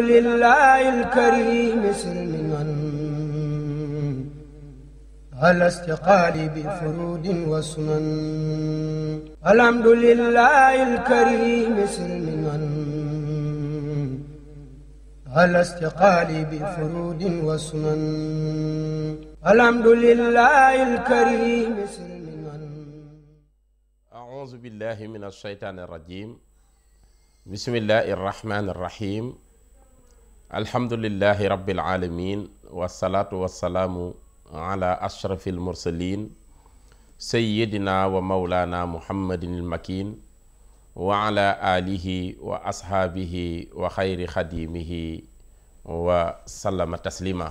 لله الكريم سلما على استقال بفرود وسنن الحمد لله الكريم سلما على استقال بفرود وسنن الحمد لله الكريم سلما أعوذ بالله من الشيطان الرجيم بسم الله الرحمن الرحيم الحمد لله رب العالمين والصلاة والسلام على أشرف المرسلين سيدنا ومولانا محمد المكين وعلى آله وأصحابه وخير خديمه وسلم تسليما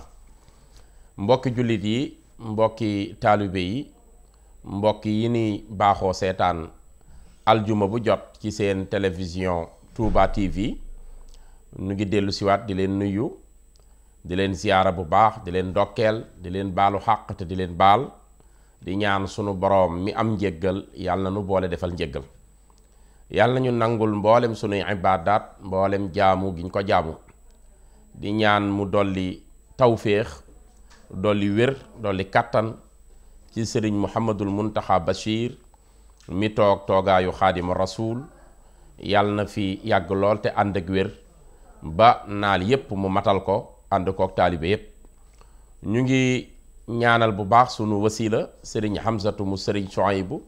مبوك جلدي مبوك طالبي مبوك يني باخو سيطان الجمبو جوت كي سين تلفزيون توبا تي في nu ngi dellu siwaat di leen nuyu di leen ziyaara bu baax di leen ndokkeel di leen baalu xàq te di leen baal di ñaan sunu borom mi am njéggal yàlla na nu boole defal njéggal yàlla ñu nangul mboolem sunu ibadat mboolem jaamu giñ ko jaamu di ñaan mu dolli tawféex dolli wér dolli kàttan ci sëriñ muhammadul muntaxa bashir mi toog toogaayu xaadima rasuul yàlla na fi yàgg lool te ànd ak ba naal yep mu matal ko ko ak talibe yep ñu ngi ñaanal bu baax sunu wasila serigne Hamzatu mu serigne Suhaybu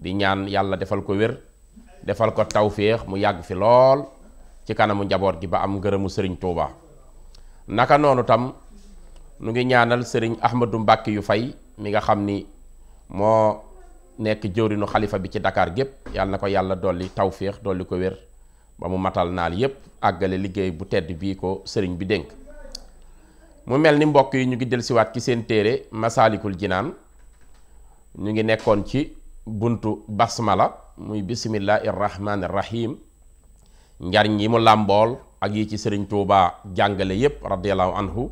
di ñaan yalla defal ko defal ko tawféex mu yag fi lol ci kanamu njaboot gi ba am ngërëmu serigne Touba naka nonu tam ñu ngi ñaanal serigne Ahmadu Mbàkke yu fay mi nga xamni mo nek nekk khalifa bi ci Dakar gep yalla nako yalla doli dolli doli ko ba mu matal naal yépp àggale liggéey bu tedd bii ko sëriñ bi dénk mu mel ni mbokk yi ñu ngi dellusiwaat ci seen téere masaalikul jinaan ñu ngi nekkoon ci buntu basmala muy bisimillahi irrahmani irrahim njariñ yi mu làmbool ak yi ci sëriñ touba jàngale yépp radiallahu anhu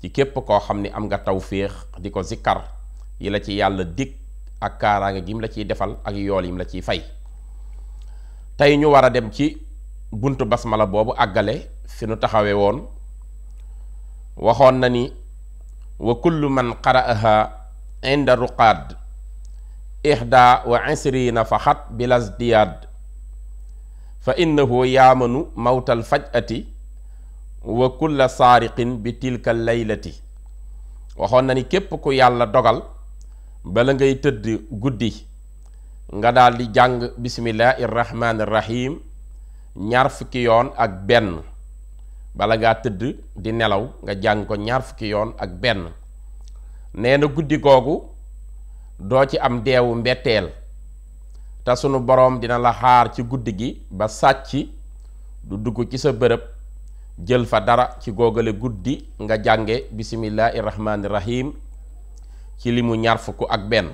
ci képp koo xam ni am nga tawféex di ko zikkar yi la ci yàlla dig ak kaaraange gi mu la ciy defal ak yool yi mu la ciy fay tey ñu war dem ci buntu basmala boobu àggale fi nu taxawe woon waxoon na ni wa kullu man qara'aha inda ruqaad ixda wa isriina faxat bilas diyaad fa innahu yaamanu mawtal fajati wa kulla saariqin bi tilka laylati waxoon na ni képp ku yàlla dogal bala ngay tëdd guddi nga daal di jàng bismillaahi rahmaani ñaar yoon ak benn bala ngaa tëdd di nelaw nga jàng ko ñaar yoon ak benn nee na guddi googu doo ci am deewu mbetteel te sunu boroom dina la xaar ci guddi gi ba sàcc du dugg ci sa bërëb jël fa dara ci googale guddi nga jànge bismillaahi rahmaani ci li mu ñaar ak benn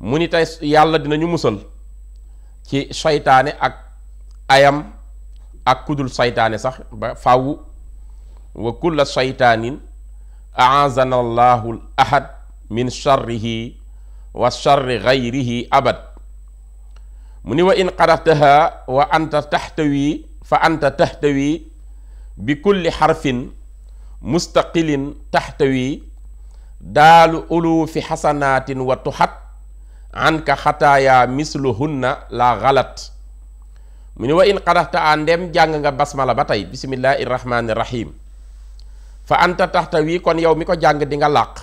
mu ni tey yàlla dinañu musal ci seytaane ak ayam ak kudul shaytané sax ba faawu wa kullu shaytanin aazana allahu al ahad min sharrihi wa sharri ghayrihi abad muni wa in qara'taha wa anta tahtawi fa anta tahtawi bi kulli harfin mustaqilin taxtawi daalu uluufi xasanaatin wa tuxat anka xataaya misluhunna la galat mu wa in xadaxta an dem jang nga basmala batay bismillahirrahmanirrahim fa anta tahtawi kon yow mi ko jàng di nga laq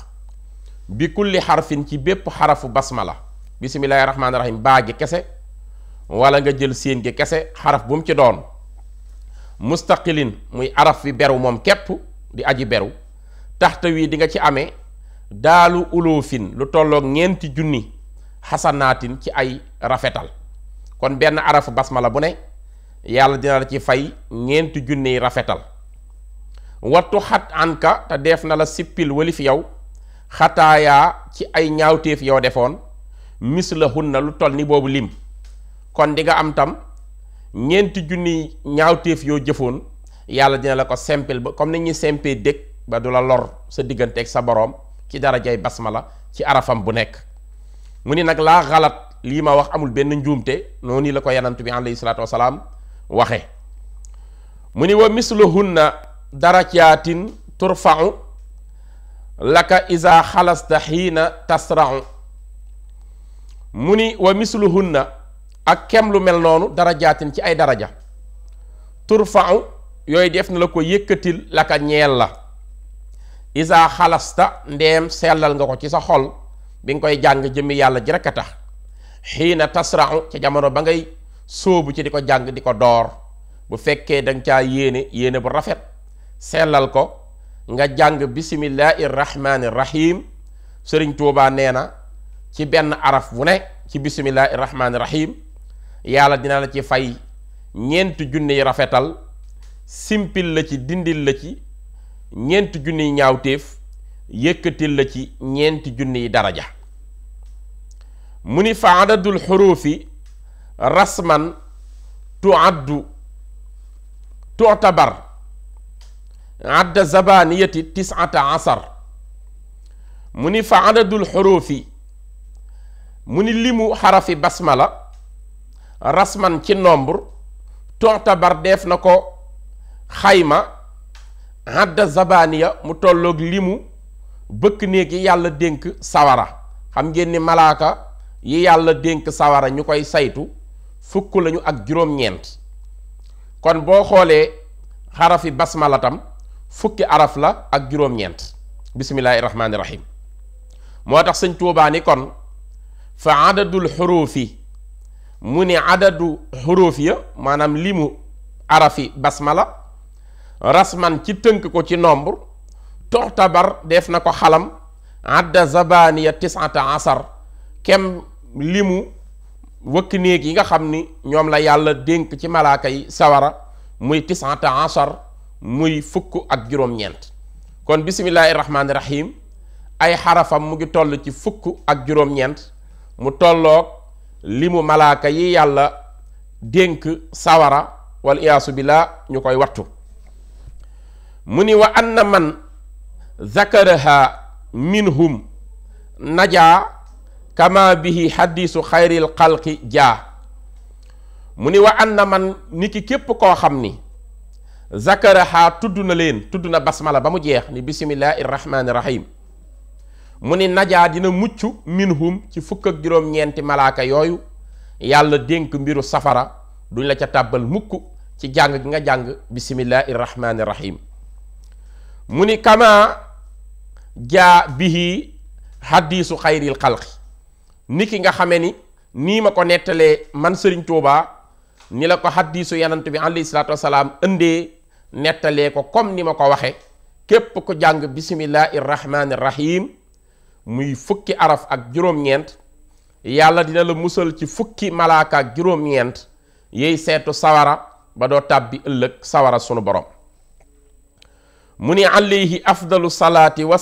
bi kulli harfin ci bepp harfu basmala bismillahirrahmanirrahim rahmani rahim gi kese wala nga jël seen gi kese harf bu mu ci doon mustaqilin muy araf bi beru mom kep di aji beru tahtawi di nga ci amé dalu ulufin lu tolloog junni hasanatin ci ay rafetal kon ben araf basmala bu ne yalla dina la ci fay ñeenti junniy rafetal wattu hat anka ta def na la sipil walif yow xataayaa ci ay ñaawteef yow defoon misla hunna lu toll ni bobu lim kon di nga am tam ñeenti junniy ñaawteef yo jëfoon yalla dina la ko sempil ba comme ni ñi sempé dekk ba dula lor sa digënté ak sa borom ci jay basmala ci arafam bu nek muni nak la galat lima wax amul ben njumte noni la ko yanantu bi alayhi salatu wasalaam waxe mu ni wa misluhunna darajaatin turfau laka isa xalasta xiina tasrau mu ni wa misluhunna ak kem lu mel noonu dara darajaatin ci ay daraja turfau yooyu def na la ko yëkkatil laka ñeel la isa xalasta ndeem sellal nga ko ci sa xol bi nga koy jàng jëmmi yàlla ji rekk a tax xiina tasrau ca jamono ba ngay sóobu ci di ko jàng di ko door bu fekkee da nga caa yéene yéene bu rafet sellal ko nga jàng bisimillahi rahmani rahim sëriñ tuubaa nee na ci benn araf bu ne ci bisimillahi rahmani rahim yàlla dina la ci fay ñeenti junni rafetal simpil la ci dindil la ci ñeenti junni ñaawteef yëkkatil la ci ñeenti junni daraja mu ni fa adadul rasman tuaddu tu'tabar adda zabaniyati tisata asar mu ni fa adadul xuruufi mu ni limu xarafi basmala rasman ci nombre tu'tabar def na ko xayma adda zabaniya mu tolloog limu bëkk néeg yi yàlla dénk sawara xam ngeen ni malaaka yi yàlla dénk sawara ñu koy saytu fukk lañu ak juróom-ñeent kon boo xoolee xarafi basmalatam fukki araf la ak juróom-ñeent bismillaahi rahmaani rahim moo tax sëñ Tuubaa ni kon fa adadul xuruufi mu ni adadu xuruuf ya maanaam limu arafi basmala rasman ci tënk ko ci nombre toxtabar def na ko xalam adda zabaniya tisata asar kem limu wëkk néeg yi nga xam ni ñoom la yàlla dénk ci malaaka yi sawara muy tisanta ansar muy fukk ak juróom-ñeent kon bisimillahi rahmaani rahim ay xarafam mu ngi toll ci fukk ak juróom-ñeent mu tolloog limu malaaka yi yàlla dénk sawara wala iyaasu billah ñu koy wattu mu ni wa anna man zakaraha minhum najaa kama bihi hadithu khairil khalqi ja muni wa anna man ni kep ko xamni xam ni zakaraha tudd na basmala bamu jeex ni bismillahir rahmanir rahim muni naja dina muccu minhum ci fukk ak juróom ñenti malaaka yoyu yalla denk mbiru safara duñ la ca tabal mukk ci jang gi nga jang bismillahir rahmanir rahim muni kama ja bihi hadithu khairil khalqi nit ki nga xamee ni nii ma ko nettalee man sëriñ Touba ni la ko xaddiisu yanant bi alayhi salaatu wasalaam indee ko comme ni ma ko waxe képp ku jàng bisimillahi rahmaani rahim muy fukki araf ak juróom yàlla dina la musal ci fukki malaaka ak juróom seetu sawara ba doo sawara sunu borom mu ni alayhi afdalu salaati wa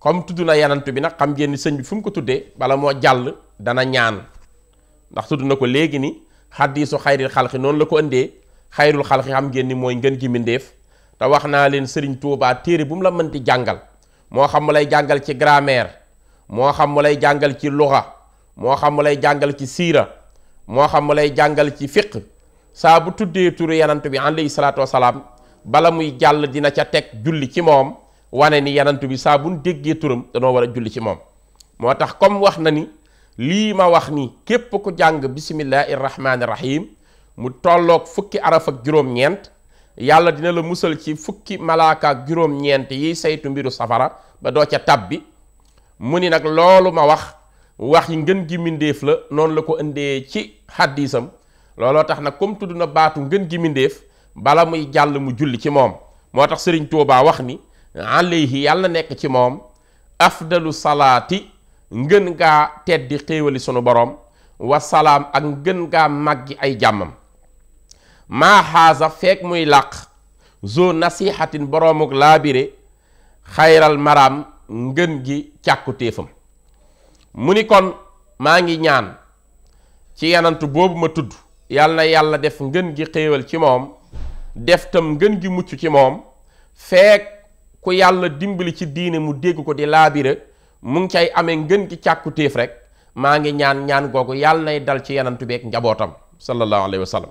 comme tuduna na yanantu bi nak xam ngeen ni sëñ bi fum ko tuddé bala mo jall dana ñaan ndax tuduna ko légui ni hadithu xayril xalqi non la ko ëndé khairul xalqi xam ngeen ni mooy ngën gi mindeef ta waxna len señ Touba téré bu mu la ti jangal mo xam mu lay jangal ci grammaire mo xam mu lay jangal ci lugha mo xam mu lay jangal ci siira mo xam mu lay jangal ci fiqh sa bu tuddé turu bi alayhi salatu wassalam bala muy jall dina ca tek julli ci mom wane ni yanantu bi saa buñ déggee turam danoo war a julli ci moom moo tax comme wax na ni lii ma wax ni képp ku jàng bisimillahi rahmaani rahim mu tolloog fukki araf ak juróom-ñeent yàlla dina la musal ci fukki malaaka ak juróom-ñeent yiy saytu mbiru safara ba doo ca tab bi mu ni nag loolu ma wax wax yi ngën gi mindéef la noonu la ko indee ci xaddiisam looloo tax na comme tudd na baatu ngën gi mindéef bala muy jàll mu julli ci moom moo tax sëriñ Tuubaa wax ni alayhi yàlla na nekk ci moom afdalu salaati ngën gaa teddi xéewali sunu boroom wasalaam ak ngën gaa màggi ay jàmmam maa xaasa feek muy làq zo nasihatin boroomuk bire xayral maraam ngën gi càkku téefam mu ni kon maa ngi ñaan ci yanantu boobu ma tudd yàlla na yàlla def ngën gi xéewal ci moom def tam ngën gi mucc ci moom feek ku yàlla dimbali ci diine mu dégg ko di laabire mu ngi cay amee ngën ki càkku téef rek maa ngi ñaan ñaan googu yàlla nay dal ci yanantu beeg njabootam sallallahu alayhi wa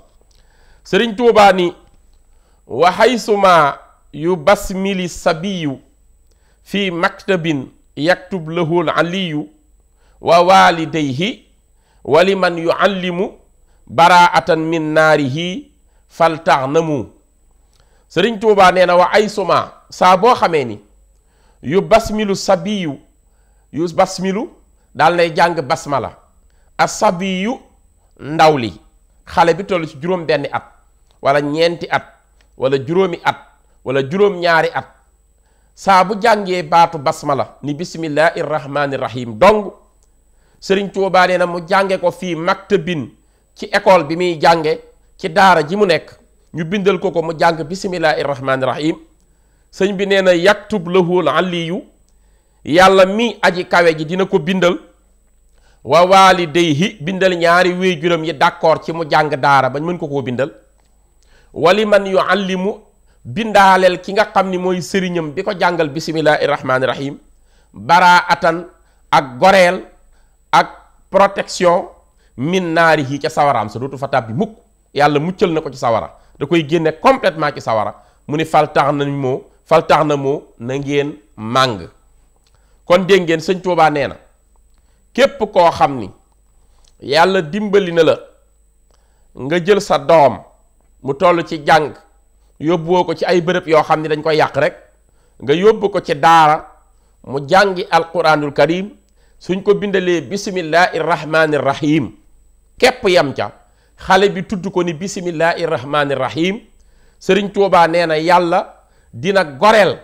sëriñ tuubaa ni wa yu basmili sabiyu fi maktabin yaktub lahul aliyu wa walidayhi wa liman yuallimu baraatan min naarihi faltax namu Sering touba nee na wa aysuma sa bo boo ni yu basmilu sabiyu yu basmilu dal lay jang basmala asabiyu ndaw li xale bi tollu ci juroom benn at wala ñenti at wala juroomi at wala jurum ñaari at sa bu jàngee baatu basmala ni bismillahir rahmanir rahim dong serigne touba nee na mu jange ko fi maktabin ci école bi mi jange ci daara ji mu nek ñu bindal ko ko mu jàng bisimillahi rahmaani rahim sëñ bi nee na yaktub lahu aliyu yàlla mi aji kawe ji dina ko bindal wa walidayhi bindal ñaari waajuram yi d'accord ci mu jàng daara bañ mën ko koo bindal wali man yuallimu bindaaleel ki nga xam ni mooy sëriñam bi ko jàngal bisimillahi rahmaani rahim baraatan ak goreel ak protection min naari yi ca sawaraam sa dootu fa tàbbi mukk yàlla muccal na ko ci sawara da koy génne complètement ci sawara muni ni fal tax nañ moo fal tax na moo na ngeen mang kon de ngeen seigne touba nee na képp koo xam ni dimbali na la nga jël sa dom mu tollu ci jang ko ci ay bërëb yo xamni dañ koy yak rek nga ko ci daara mu jangi alquranul karim suñ ko bindalee bismillahir rahmanir rahim képp yam ca xale bi tudd ko ni bisimillahi rahmaani rahim serigne neena na dina gorel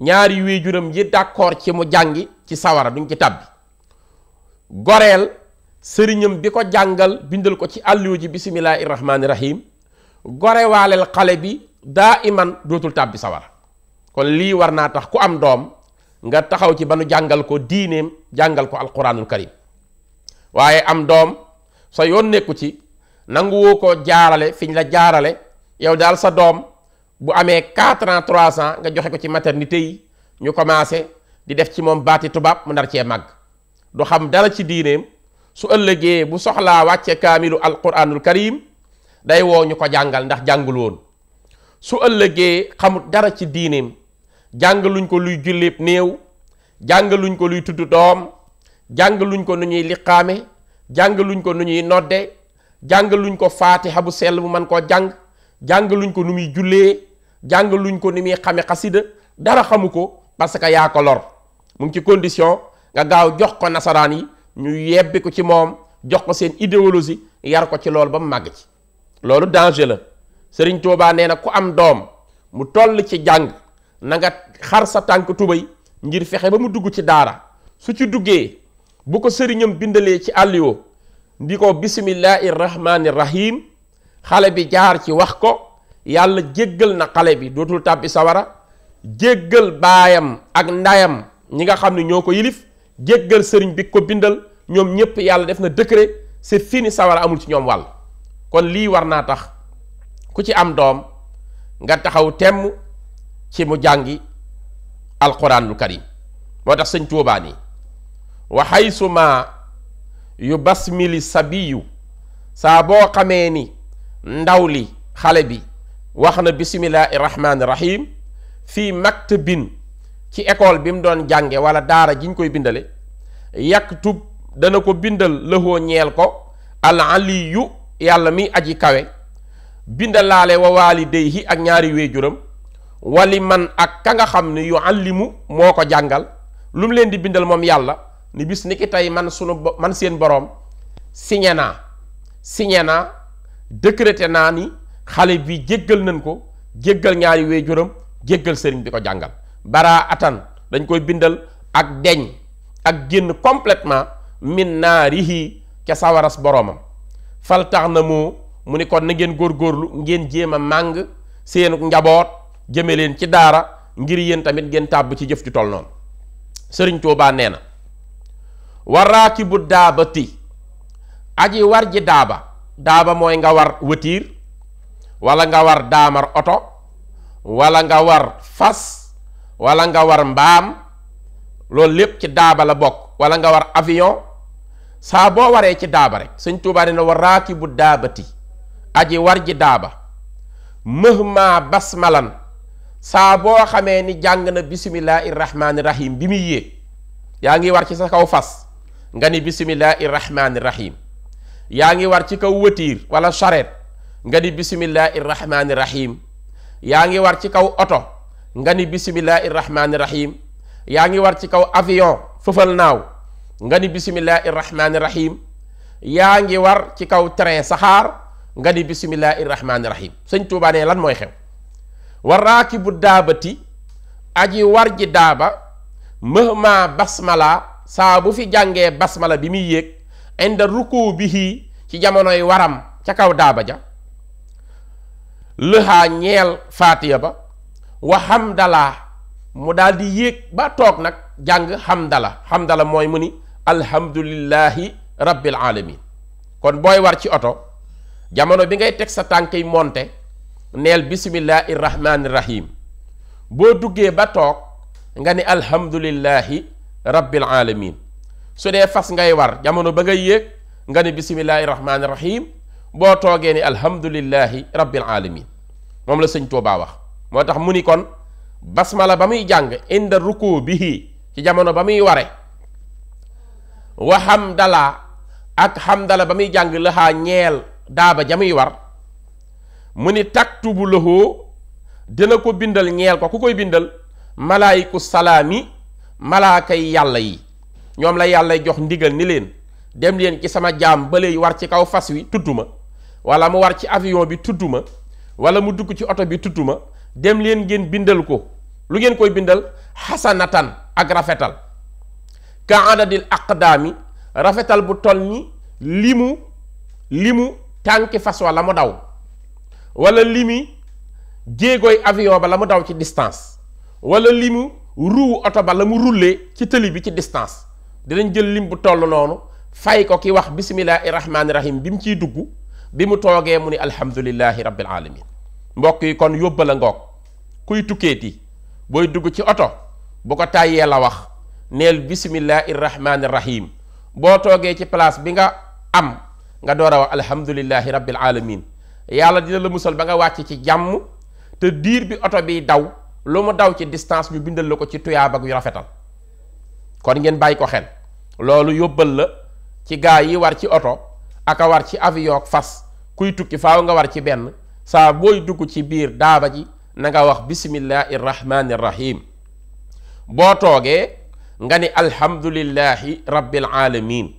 ñaari waajuram yi d'accord ci mu jangi ci sawara duñ ci tabbi gorel sëriñam biko jangal bindal ko ci àlliwa ji rahim walel xale bi daiman iman tabbi tàbbi sawara kon li warna tax ku am dom nga taxaw ci banu jangal ko dinem jangal ko alquranul karim waye am dom sa yonne ko ci nangu ko jaarale fiñ la jaarale yow dal sa dom bu amé 4 ans 3 ans nga joxé ko ci maternité yi ñu commencé di def ci mom bati tubaab mu nar ci mag du xam dara ci diiné su ëllëgé bu soxla kamilu alquranul karim day wo ñu ko janggulun. ndax jangul woon su ëllëgé xamut dara ci diiné jangaluñ ko luy julleeb neew jangaluñ ko luy tuddu dom jangaluñ ko nuñuy liqame jangaluñ ko nuñuy luñ ko faatiha bu sell bu man koo jàng jàng jàngaluñ ko nu muy jullee jàngaluñ ko ni muy xame xasida dara xamu ko parce que yaa ko lor mu ngi ci condition nga gaaw jox ko nasaraan yi ñu yebbi ko ci moom jox ko seen idéologie yar ko ci loolu ba mu màgg ci loolu danger la Sëriñ Tuubaa nee na ku am doom mu toll ci jàng na xar sa tànk tubay ngir fexe ba mu dugg ci daara su ci duggee bu ko sëriñam bindalee ci àllio di ko rahmanir rahim xale bi jaar ci wax ko yalla jéggal na xale bi dootul tabbi sawara jéggal bayam ak ndayam ñi nga xamni ñoko yilif jéggal sëriñ bi ko bindal ñom ñepp yalla def na décret c'est fini sawara amul ci ñom wal kon lii warna tax ku ci am dom nga taxaw tem ci mu jangi alquranul karim motax touba ni wa haythuma yu basmili sabiyu saa boo xamee ni ndaw li xale bi wax na bisimillahi rahmaani rahim fii maktabin ci école bi mu doon jànge wala daara ji ñu koy bindale yaktub dana ko bindal lëxoo ñeel ko al aliyu yàlla mi aji kawe bindalaale wa waalidayhi ak ñaari waajuram wali man ak ka nga xam ne yu allimu moo ko jàngal lu mu leen di bindal moom yàlla ni bis ni ki tey man sunu man seen boroom signé naa signé naa décrété naa ni xale bi jéggal nañ ko jéggal ñaari waajuram jéggal sëriñ bi ko jàngal baraa atan dañ koy bindal ak deñ ak génn complètement min naarihi ca sawaras boroomam fal tax na moo mu ni kon na góor góorgóorlu ngeen jéem a màng seenu njaboot jëme leen ci daara ngir yéen tamit ngeen tàbb ci jëf ju toll noonu sëriñ Tuubaa nee na wa raakibu daabati aji war ji daaba daaba mooy nga war wëtiir walla nga war daamar oto walla nga war fas wala nga war mbaam loolu lépp ci daaba la bokk wala nga war avion saa boo waree ci daaba rek sëñ Tuubaa dina wa raakibu daabati aji war ji daaba mahma basmalan saa boo xamee ni jàng na bismillaahi rahmaani rahiim bi muy yéeg yaa ngi war ci sa kaw fas nga ni bismillahi rahmani rahim war ci kaw wëtiir wala charrette nga ni bismillahi rahim war ci kaw auto nga ni bismillahi rahim war ci kaw avion fofal naw nga ni bismillahi rahmani rahim war ci kaw train sahar nga ni bismillahi rahmani rahim sëñ Tuubaa ne lan moy xew wa aji war ji daba mahma basmala saa bu fi jàngee basmala bi muy yéeg inda ruku bihi ci jamonoy waram ca kaw daaba ja lëhaa ñeel faatiya ba wa hamdalaa mu daal di yéeg ba toog nag jàng xam hamdala mooy mu ni alhamdulillahi rabbil alamin kon booy war ci oto jamono bi ngay teg sa tànk monte neel bismillahi rahmaani rahim boo duggee ba toog nga ni alhamdulillahi rabbil alamin su de fas ngay war jamono ba ngay yek ngani ne bisimillahi rahim ni alhamdulillahi rabbil alamin mom la seigne Tuubaa wax motax muni kon basmala bamuy jang inda ruku bihi ci jamono bamuy waré wa hamdala ak hamdala bamuy jang jàng ñeel daaba ja war muni taktubu lahu dina ko bindal ñeel ko ku koy bindal malaayiku salami malaakay yàlla yi ñoom la yàlla jox ndigal ni leen dem leen ci sama jaam bële war ci kaw fas wi tudd ma wala mu war ci avion bi tudd ma wala mu dugg ci oto bi tudd ma dem leen ngeen bindal ko lu ngeen koy bindal xasanatan ak rafetal ka adadil aqdaami rafetal bu toll ni li mu tànki fas wa la mu daw wala limi jéegooy avion ba la mu daw ci distance wala limu ruu oto ba la rouler ci tëli bi ci distance dinañ jël lim bu toll noonu fay ko ki wax bisimillahi rahmaani rahim bi mu ciy dugg bi mu ni alhamdulilahi rabbil alamin mbokk yi kon yóbbal a ngoog kuy tukkeeti booy dugg ci oto bu ko tàyyee la wax neel bisimillahi rahmaani rahim boo toogee ci place bi nga am nga door a wax rabbil alamin yàlla dina la musal ba nga wàcc ci jàmm te diir bi oto bi daw lu mu daw ci distance ñu bindal la ko ci tuyaaba yu rafetal kon ngeen bàyyi ko xel loolu yóbbal la ci gaa yi war ci oto ak war ci avion ak fas kuy tukki faaw nga war ci benn saa booy dugg ci biir daaba ji nanga nga wax bismillahi rahmani rahim boo toogee nga ni alhamdulillahi rabbil alamin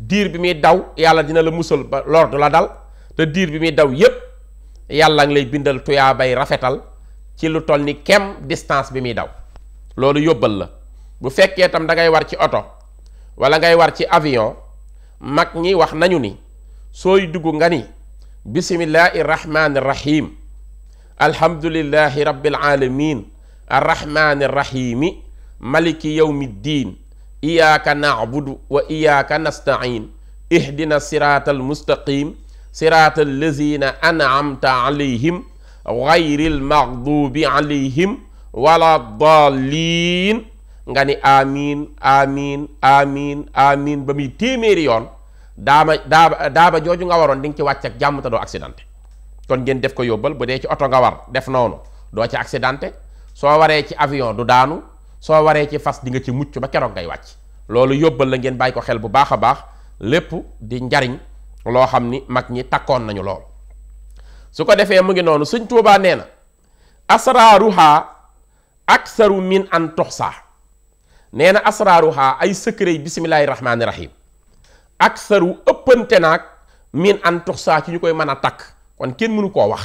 diir bi muy daw yàlla dina la musal ba la dal te diir bi muy daw yépp yàlla ngi lay bindal tuyaabay rafetal ci lu tolni kem distance bi mi daw lolu yóbbal la bu fekke tam da ngay war ci auto wala ngay war ci avion mag ñi wax nañu ni soy duggu nga ni bismillahi irrahmani irrahim alhamdulillahi rabbil alamin arrahmanir rahim maliki yawmiddin iyyaka na'budu wa iyyaka nastain ihdinas siratal mustaqim siratal ladzina anamta alayhim gayril maxdubi alayhim wala dallin nga ni amin amin amin amin ba muy téeméeri yoon daama daaba daaba jooju nga waroon dinga nga ci wàcc ak jàmm te doo accidenté kon ngeen def ko yóbbal bu dee ci oto nga war def noonu doo ci accidenté soo waree ci avion du daanu soo waree ci fas di nga ci mucc ba keroog ngay wàcc loolu yóbbal la ngeen bàyyi ko xel bu baax a baax lépp di njariñ loo xam ni mag ñi takkoon nañu lool su ko defee mu ngi noonu sëñ Tuubaa nee na asraaruhaa aksaru min an toxsaa nee na asraaruhaa ay secret bismillaahi rahmaani rahim aksaru ëppante naag min an toxsaa ci ñu koy mën a takk kon kenn mënu koo wax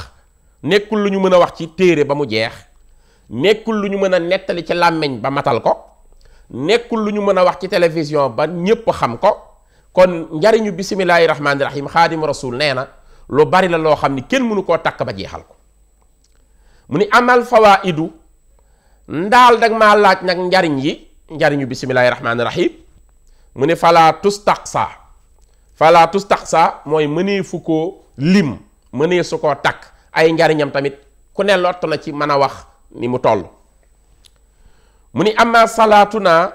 nekkul lu ñu mën a wax ci téere ba mu jeex nekkul lu ñu mën a nettali ci làmmiñ ba matal ko nekkul lu ñu mën a wax ci télévision ba ñépp xam ko kon njariñu bismillaahi rahmaani rahim xaadimu rasul nee na lo bari la lo xamni kenn munu ko tak ba jeexal ko muni amal fawaidu ndal dag ma laaj nak njariñ yi njariñu bisimilahi Muni rahim mu fala tustaqsa fala tustaqsa moy mënee fuko lim muni suko tak ay njariñam tamit ku ne lot na ci mana wax ni mu toll muni amma salatuna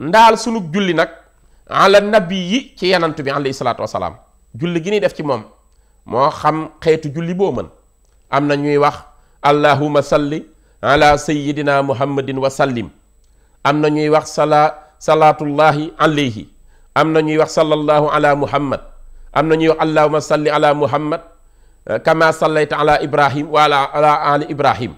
ndal sunu julli nak ala nabi ci yanantu bi alayhi salatu wassalam julli gi ni def ci mom mo xam xeetu julli boo mën am na ñuy wax allahuma salli ala sayyidina muhammadin wa sallim am na ñuy wax sala salaatullahi alayhi am na ñuy wax sallallahu ala muhammad am na ñuy wax allahuma salli ala muhammad kama sallayta ala ibrahim wa ala ala ali ibrahim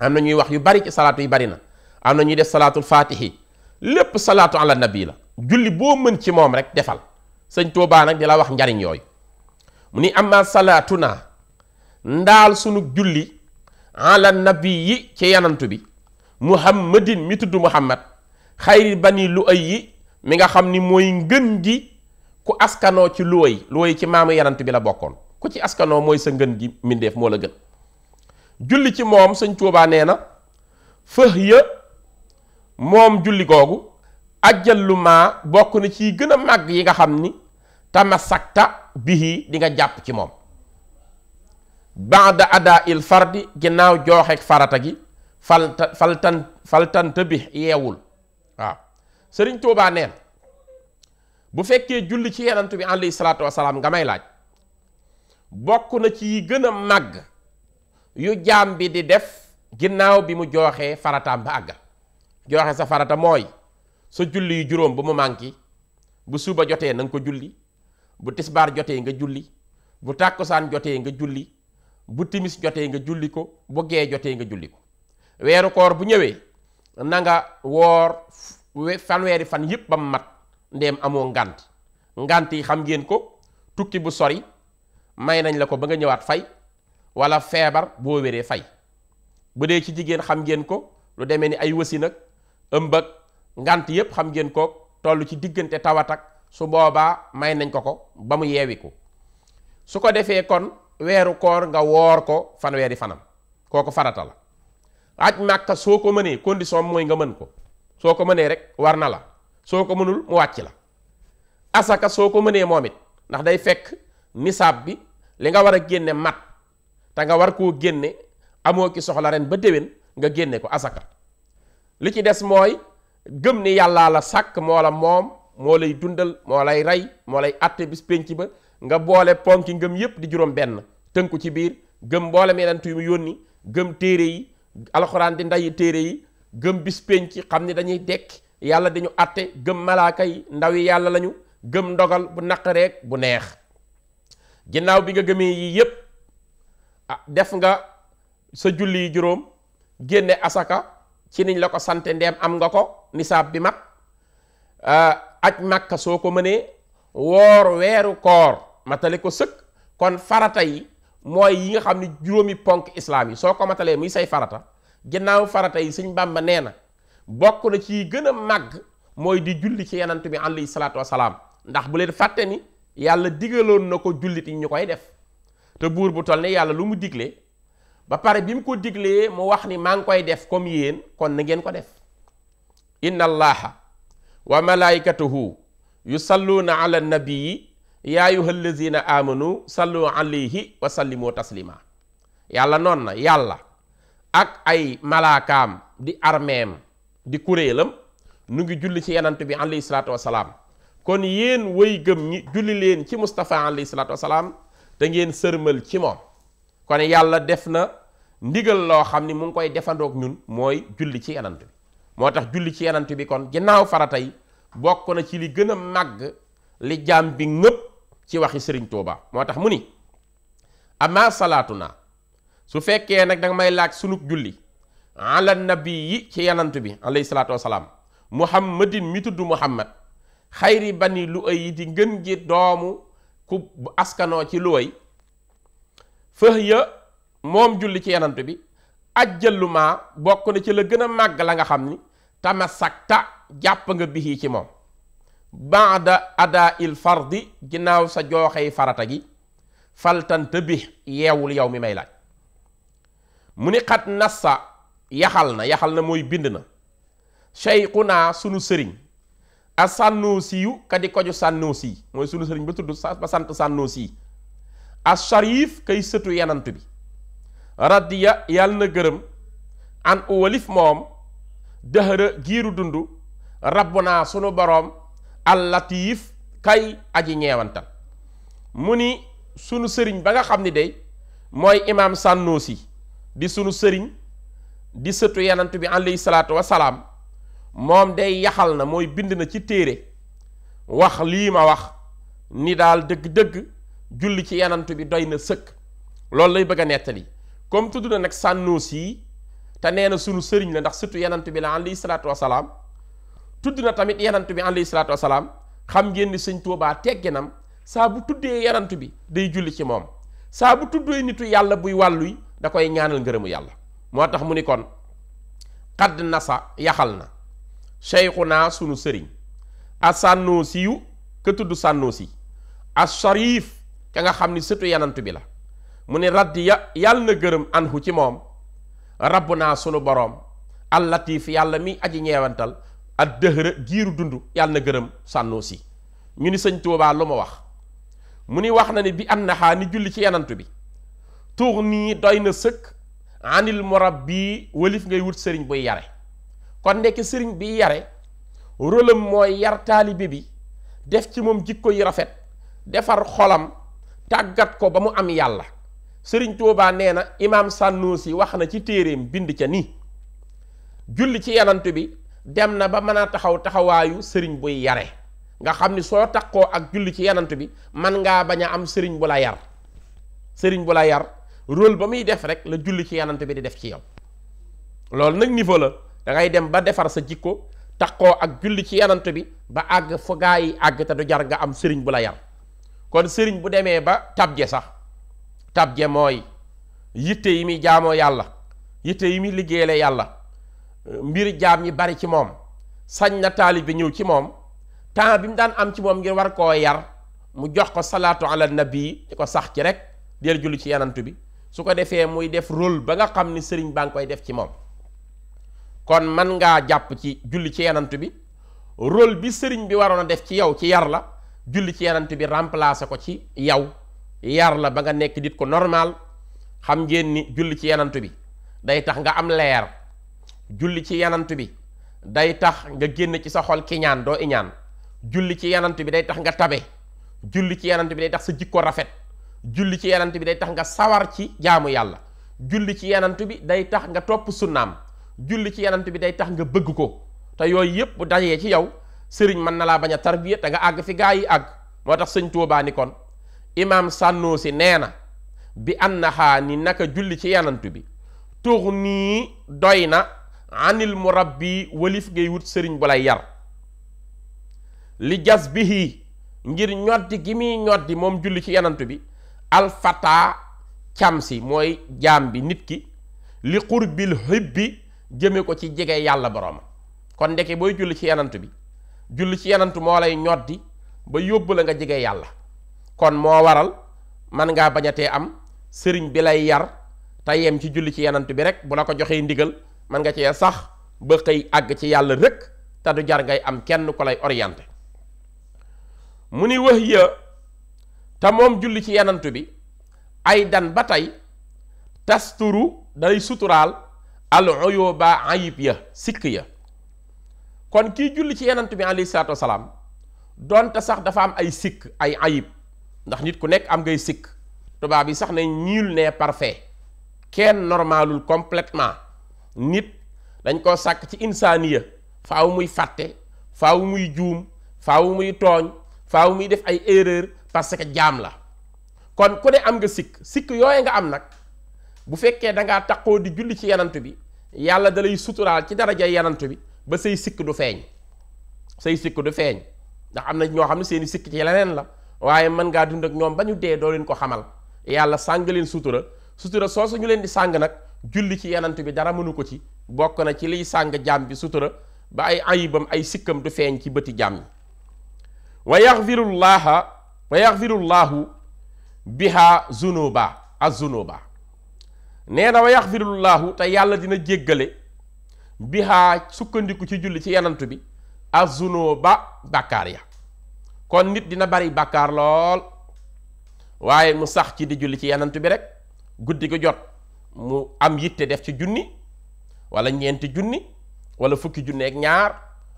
am na ñuy wax yu bari ci salatu yu bari na am na ñuy def salaatul fatihi lépp salatu ala nabi la julli boo mën ci moom rek defal sëñ Tuubaa nak dila wax njariñ yooyu mu ni amma salaatuna ndaal sunu julli ala nabi yi ci yanantu bi muhammadin mi tudd muhammad xayri bani lu ay yi mi nga xam ni mooy ngën gi ku askanoo ci luway luway ci maamu yanantu bi la bokkoon ku ci askanoo mooy sa ngën gi mbindeef moo la gën julli ci moom sëñ Tuubaa nee na fëx ya moom julli googu ajjal lu maa bokk na ci gën a yi nga xam ni tamasakta bihi di nga japp ci mom ba'da ada il fardi ginnaaw jooxeeg farata gi faltan faltan tabi yewul wa serigne touba neen bu fekke julli ci yenantu bi alayhi salaatu wasalaam nga laaj bokku na ci gëna mag yu jambi di def ginaaw bi mu joxe farata ba aga joxe sa farata moy sa julli yu juroom bu mu manki bu suba joté nang ko julli bu tisbar jotee nga julli bu takusan jotee nga julli bu timis jotee nga julli ko bu gee jotee nga julli ko wéru koor bu ñëwé na nga woor fanweeri fan yépp ba mat ndem amo ngant ngant yi xam ngeen ko tukki bu sori may nañ la ko ba nga ñëwaat fay wala febar bo wéré fay bu dé ci jigéen xam ngeen ko lu démé ni ay wasi nak ëmbak ngant yépp xam ngeen ko tollu ci digënté tawat su boobaa may nañ ko ko ba mu ko su ko defee kon weeru koor nga woor ko fanweeri fanam kooku farata la aj màkka soo ko mënee condition mooy nga mën ko soo ko mënee rek war na la soo ko mënul mu wàcc la asaka soo ko mënee moom it ndax day fekk nisaab bi li nga war a génne mat te nga war koo génne amoo ki soxla ren ba déwén nga génne ko asaka li ci des mooy gëm ni yàllaa la sàkk moo la moom moo lay dundal moo lay rey moo lay atte bis ba nga boole ponki ngëm yépp di juróom benn tënku ci biir gëm mboolem yenent yu mu yónni gëm téere yi alxuraan di ndayi téere yi gëm bis pénc xam ni dañuy dekk yàlla dañu atte gëm malaaka yi ndaw yi yàlla lañu gëm ndogal bu naqareeg bu neex ginnaaw bi nga gëmee yii yépp ah, def nga sa julli juróom génne asaka ci niñ la ko sante ndeem am nga ko nisaab bi mag ah, aj màkka soo ko mënee woor weeru koor matale ko sëkk kon farata yi mooy yi nga xam ne juróomi ponk islaam yi soo ko matalee muy say farata ginnaaw farata yi sëñ Bàmba nee na bokk na ci gën a màgg mooy di julli ci yanant bi alayhi salaatu wasalaam ndax bu leen fàtte ni yàlla digaloon na ko jullit yi ñu koy def te buur bu toll ne yàlla lu mu diglee ba pare bi mu ko diglee mu wax ni maa ngi koy def comme yéen kon na ngeen ko def inna allaha wa malaikatuhu yusalluuna ala nabii yaa ayuha allazina amanu sallu alayhi wa sallimu taslima yàlla noon na yàlla ak ay malaakaam di armeem di kuréelam nu ngi julli ci yenant bi alayhi salaatu wasalaam kon yéen way ñi julli leen ci Mustafa alayhi salaatu wasalaam te ngeen sërmal ci moom kon yàlla def na ndigal loo xam ni mu ngi koy defandook ñun mooy julli ci yenant bi motax julli ci yenant bi kon ginnaw farata yi bokko na ci li gën mag li jam bi ngëpp ci waxi serigne Tuuba motax muni amma salatuna su fekke nak may laaj sunug julli ala nabi ci yenant bi alayhi salatu wasalaam muhammadin mi muhammad Khairi bani lu ay di ngeen gi doomu ku askano ci lu way fëx ya julli ci bi ajjaluma bokku ne ci le gëna a la nga xamni tamasakta jàpp nga bihi ci mom ba'da ada il fardi ginaaw sa jooxey farata gi faltanta bi yewul yawmi may laj muni khat xat nassa yahalna na yaxal na sunu serign a sànnoosi yu ka di koju sànnoosi moy sunu serign ba tuddu ba sant sànnoosi as sharif kay sëtu yenant bi radiya yàlla na gërëm an uwalif moom dëhëra giiru dund rabbunaa sunu boroom allatiif kay aji ñeewantal mu ni sunu sëriñ ba nga xam ni day mooy imaam Sànnoosi di sunu sëriñ di sëtu yenant bi alayhi salaatu wasalaam moom day yaxal na mooy bind na ci téere wax lii ma wax ni daal dëgg-dëgg julli ci yenant bi doy na sëkk loolu lay bëgg a nettali comme tout na nag sànnoos ta te nee na sunu sëriñ la ndax sutu yanan bi alayhi salatu wasalaam tudd na tamit yanan bi alayhi salatu wasalaam xam ngeen ni serign toba teggenam sa bu tuddee yanan bi day julli ci mom sa bu tuddee nitu yalla buy walluy da koy ñaanal ngeerum yalla motax muni kon qad nasa yahalna, na seyxu naa sunu sëriñ a sànnoosi yu ka tudd sànnoosi sharif ka nga xamni ni yanan yenant la mu ne raddi ya yàlla na gërëm anhu ci moom rabb naa sunu boroom allatif yàlla mi aji ñeewantal ak dëhëra giiru dund yàlla na gërëm sànnoosi ñu ni sëñ Tuubaa lu ma wax mu ni wax na ni bi an naxaa ni julli ci yenantu bi tuux nii doy na sëkk anil morab bii walif ngay wut sëriñ buy yare kon ndekki sëriñ bi yare rôlam mooy yar taalibe bi def ci moom jikko yi rafet defar xolam tàggat ko ba mu am yàlla Sering Tuubaa ba imam sanusi san nusi na ci bindi bind ca ni julli ci yanant bi dem na ba mana a taxaw taxawaayu sëriñ buy yare nga xam ni soo ak julli ci bi man nga ba nya am sering bu layar. yar sëriñ bu la yar rôle defrek le def rek la julli ci bi di def ci yow niveau da ngay dem ba defar sa jikko takko ak julli ci bi ba ag fa gaa ta jar nga am sering bu layar. yar kon sering bu deme ba tabje sax tabje mooy yitte yi muy jaamoo yàlla yitte yi muy liggéeyale yàlla mbir jaam ñi bari ci moom sañ na taalibe ñëw ci moom temps bi mu daan am ci moom ngir war koo yar mu jox ko salaatu ala nabi di ko sax ci rek deel julli ci yanantu bi su ko defee muy def rôle ba nga xam ni sëriñ baa ngi koy def ci moom kon man ngaa jàpp ci julli ci yanantu bi rôle bi sëriñ bi waroon a def ci yow ci yar la julli ci yanantu bi remplacer ko ci yow yar la ba nga nek nit ko normal xam ngeen ni julli ci yanantu bi day tax nga am leer julli ci yanantu bi day tax nga genn ci sa xol ki ñaan iñaan julli ci yanantu bi day tax nga tabe julli ci yanantu bi day tax sa jikko rafet julli ci yanantu bi day tax nga sawar ci jaamu yalla julli ci yanantu bi day tax nga top sunnam julli ci yanantu bi day tax nga bëgg ko ta yoy yep bu dajé ci yow serigne man na la baña tarbiyé tarbiya nga ag fi gaay ag motax serigne touba ni kon Imam Sanusi nee bi annahaa ni naka julli ci yanantu bi doyna anil murabbi walif ge wut sëriñ bala yar li bihi ngir ñoddi gi mi ñoddi mom julli ci yanantu bi al fata chamsi moy jaam bi nit ki li qurbil hubbi jeme ko ci jige yalla borom kon deke boy julli ci yanantu bi julli ci yanantu mo lay ba yobul nga jige yalla kon mo waral man nga bañaté am sëriñ bi lay yar tayem ci julli ci yenant bi rek bu la ko joxee ndigal man nga sax ba xey ag ci yalla rek ta du jar ngay am kenn ko lay orienter muni wahya ta mom julli ci bi ay dan batay tas tasturu day sutural, al uyuba ayib ya sik ya kon ki julli ci yenant bi alayhi salaatu don ta sax dafa am ay sik ay ayib ndax nit ku nek am ngay sik tuba bi sax ne nul n'est parfait kenn normalul complètement nit dañ ko sak ci insaniya faaw muy fatte faaw muy joom faaw muy togn faaw muy def ay erreur parce que jam la kon ku ne am nga sik sik yoy nga am nak bu fekkee da nga takko di julli ci yanant bi yalla da lay suturaal ci daraja yanant bi ba sey sik du feñ sey sik du feñ ndax am ño xamni seen sik ci lenen la waaye mën ngaa dund ak ñoom ba ñu dee doo leen ko xamal yàlla sàngaleen leen sutura sutura soosu ñu leen di sàng nag julli ci yenant bi dara mënu ko ci bokk na ci liy sàng jaam bi sutura ba ay ayibam ay sikkam du feeñ ci bëti jaam yi wa yaxfirullaaha wa yaxfirullaahu biha zunuba az zunuba nee na wa yaxfirullaahu te yàlla dina jéggale biha sukkandiku ci julli ci yenant bi az zunuba bàkkaar ya kon nit dina bari bakar lol waye mu sax ci di julli ci yanantu bi rek guddi ko jot mu am yitte def ci junni wala ñenti junni wala fukki junni ak ñaar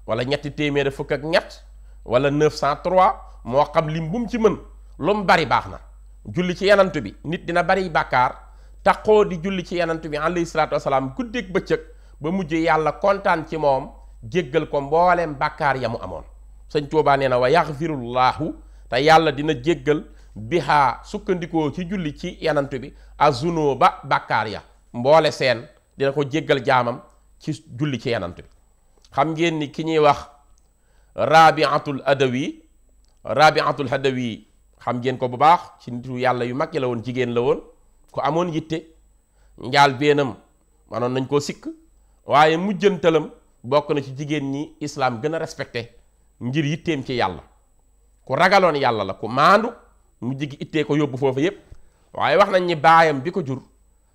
wala ñetti téméré fukk ak ñett wala 903 mo xam lim bu ci mën lu bari baxna julli ci yanantu bi nit dina bari bakar, taxoo di julli ci yanantu bi alayhi salatu wasalaam guddik bëccëg ba mujjé yalla contane ci mom jéggal ko mbolém bakar ya mu sëñ Tuubaa na wa yaxfirullaahu te yàlla dina jéggal bihaa sukkandikoo ci julli ci yanantu bi azunoo ba bàkkaar ya mboole seen dina ko jéggal jaamam ci julli ci yanantu bi xam ngeen ni ki ñuy wax rabiatul adawi rabiatul hadawi xam ngeen ko bu baax ci nitu yàlla yu mag yi la woon jigéen la woon ku amoon yitte njaal beenam manoon nañ koo sikk waaye mujjantalam bokk na ci jigéen ñi islaam gën a respecté ngir yitteem ci yàlla ku ragaloon yàlla la ku maandu mu jigi ittee ko yóbbu foofu yépp waaye wax nañ ni baayam bi ko jur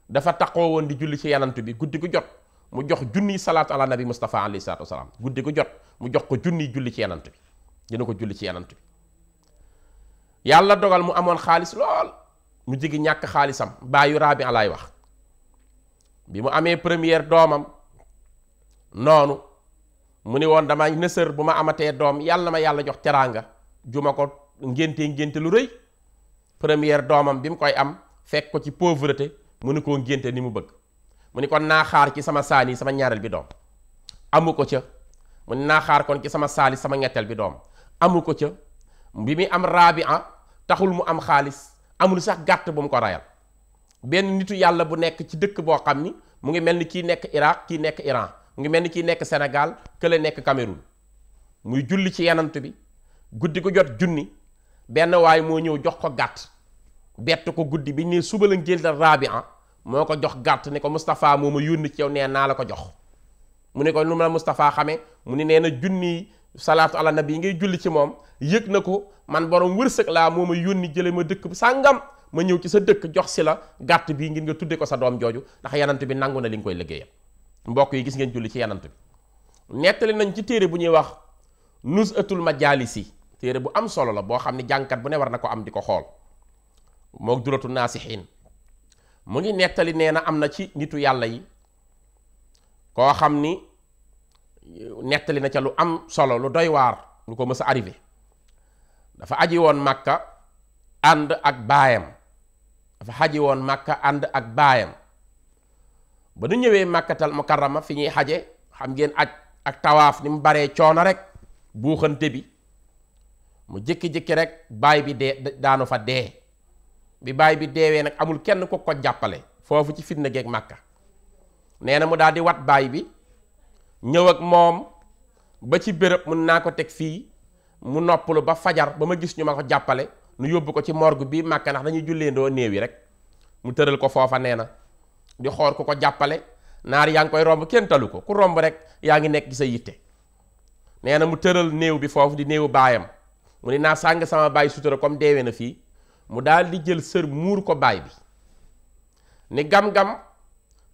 dafa taqoo woon di julli ci yanantu bi guddi gu jot mu jox junniy salaatu ala nabi Mustafa alayhi salaatu wasalaam guddi gu jot mu jox ko junniy julli ci yanantu bi dina ko julli ci yanantu bi yàlla dogal mu amoon xaalis lool mu jigi ñàkk xaalisam baayu raabi alaay wax bi mu amee première doomam noonu mu ni woon damaa ne bu ma amatee doom yàlla ma yàlla jox teraanga ju ma ko ngénte ngénte lu rëy première doomam bi mu koy am fekk ko ci pauvreté mu ni ko ngénte ni mu bëgg mu ni kon naa xaar ci sama saani sama ñaareel bi doom amu ko ca mu naa xaar kon ci sama saali sama ñetteel bi doom amu ko ca bi muy am rabia taxul mu am xaalis amul sax gàtt bu mu ko rayal benn nitu yàlla bu nekk ci dëkk boo xam ni mu ngi mel ni kii nekk Iraq kii nekk Iran ngi melni ki nek senegal ke le nek Cameroun muy julli ci yanantu bi jot junni ben way mo ñew jox ko gatt bet ko guddii bi ne suba la da rabia moko jox gatt ne ko mustafa moma ma ci yow nee la ko jox mu ne ko numu mustafa xame mu ne nee junni salatu ala nabi ngay julli ci mom yek nako man borom wërsëg la moma ma yónni ma dekk sangam ma ñew ci sa dekk jox si la gàtt bii nga tudde ko sa dom joju ndax yanantu bi nanguna li ngoy koy mbokk yi gis ngeen julli ci yanant bi nettali nañ ci téere bu ñuy wax nus ëttul majaalisi téere bu am solo la boo xam ne bu ne war na ko am di ko xool moog duratu nasihin mu ngi nettali nee na am na ci nitu yàlla yi koo xam ni nettali na ca lu am solo lu doy waar lu ko mësa a arrivé dafa aji woon màkka ànd ak baayam dafa aji woon màkka ànd ak baayam ba nu ñëwee màkkatal mukarrama fi ñuy xaje xam ngeen aj ak tawaaf ni mu baree coono rek buuxante bi mu jékki-jékki rek baay bi dee daanu fa dee bi baay bi deewee nag amul kenn ku ko jàppale foofu ci fitna geeg màkka nee na mu daal di wat baay bi ñëw ak moom ba ci bërëb mun naa ko teg fii mu noppalu ba fajar ba ma gis ñu ma ko jàppale nu yóbbu ko ci morgue bii màkka ndax dañuy julleendoo néew yi rek mu tëral ko foofa nee na di xool ku ko jàppale naar yaa ngi koy romb kenn talu ko ku romb rekk yaa ngi nekk ci sa yitte nee na mu tëral néew bi foofu di néewu baayam mu ni naa sàng sama baay sutura comme deewee na fii mu daal di jël sër muur ko baay bi ni gam-gam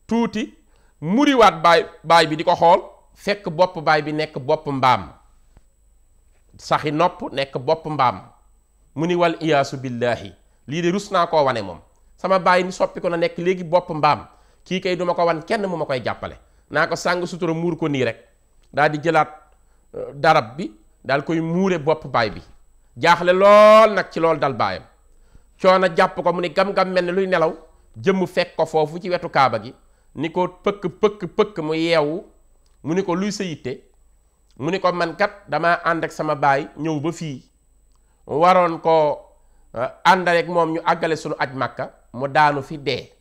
tuuti muuriwaat baay baay bi di ko xool fekk bopp baay bi nekk bopp mbaam saxi nopp nekk bopp mbaam mu ni wal iyaasu billaahi lii de rus naa koo wane moom sama baay ni soppi ko na nekk léegi bopp mbaam ki kay duma ko wan kenn muma koy jàppale nako sang sutura mur ko ni rek dal di jelat euh, darab bi dal koy muré bop bay bi jaaxle lol nak ci lol dal bayam coono japp ko muni gam-gam melni luy nelaw jëm fek ko fofu ci wetu kaaba gi niko pekk pekk pekk mu yewu muni ko luy sa muni ko man kat dama and ak sama bay ñew ba Waron waron ko euh, ànd ak mom ñu àggale sunu aj makka mu daanu fi dee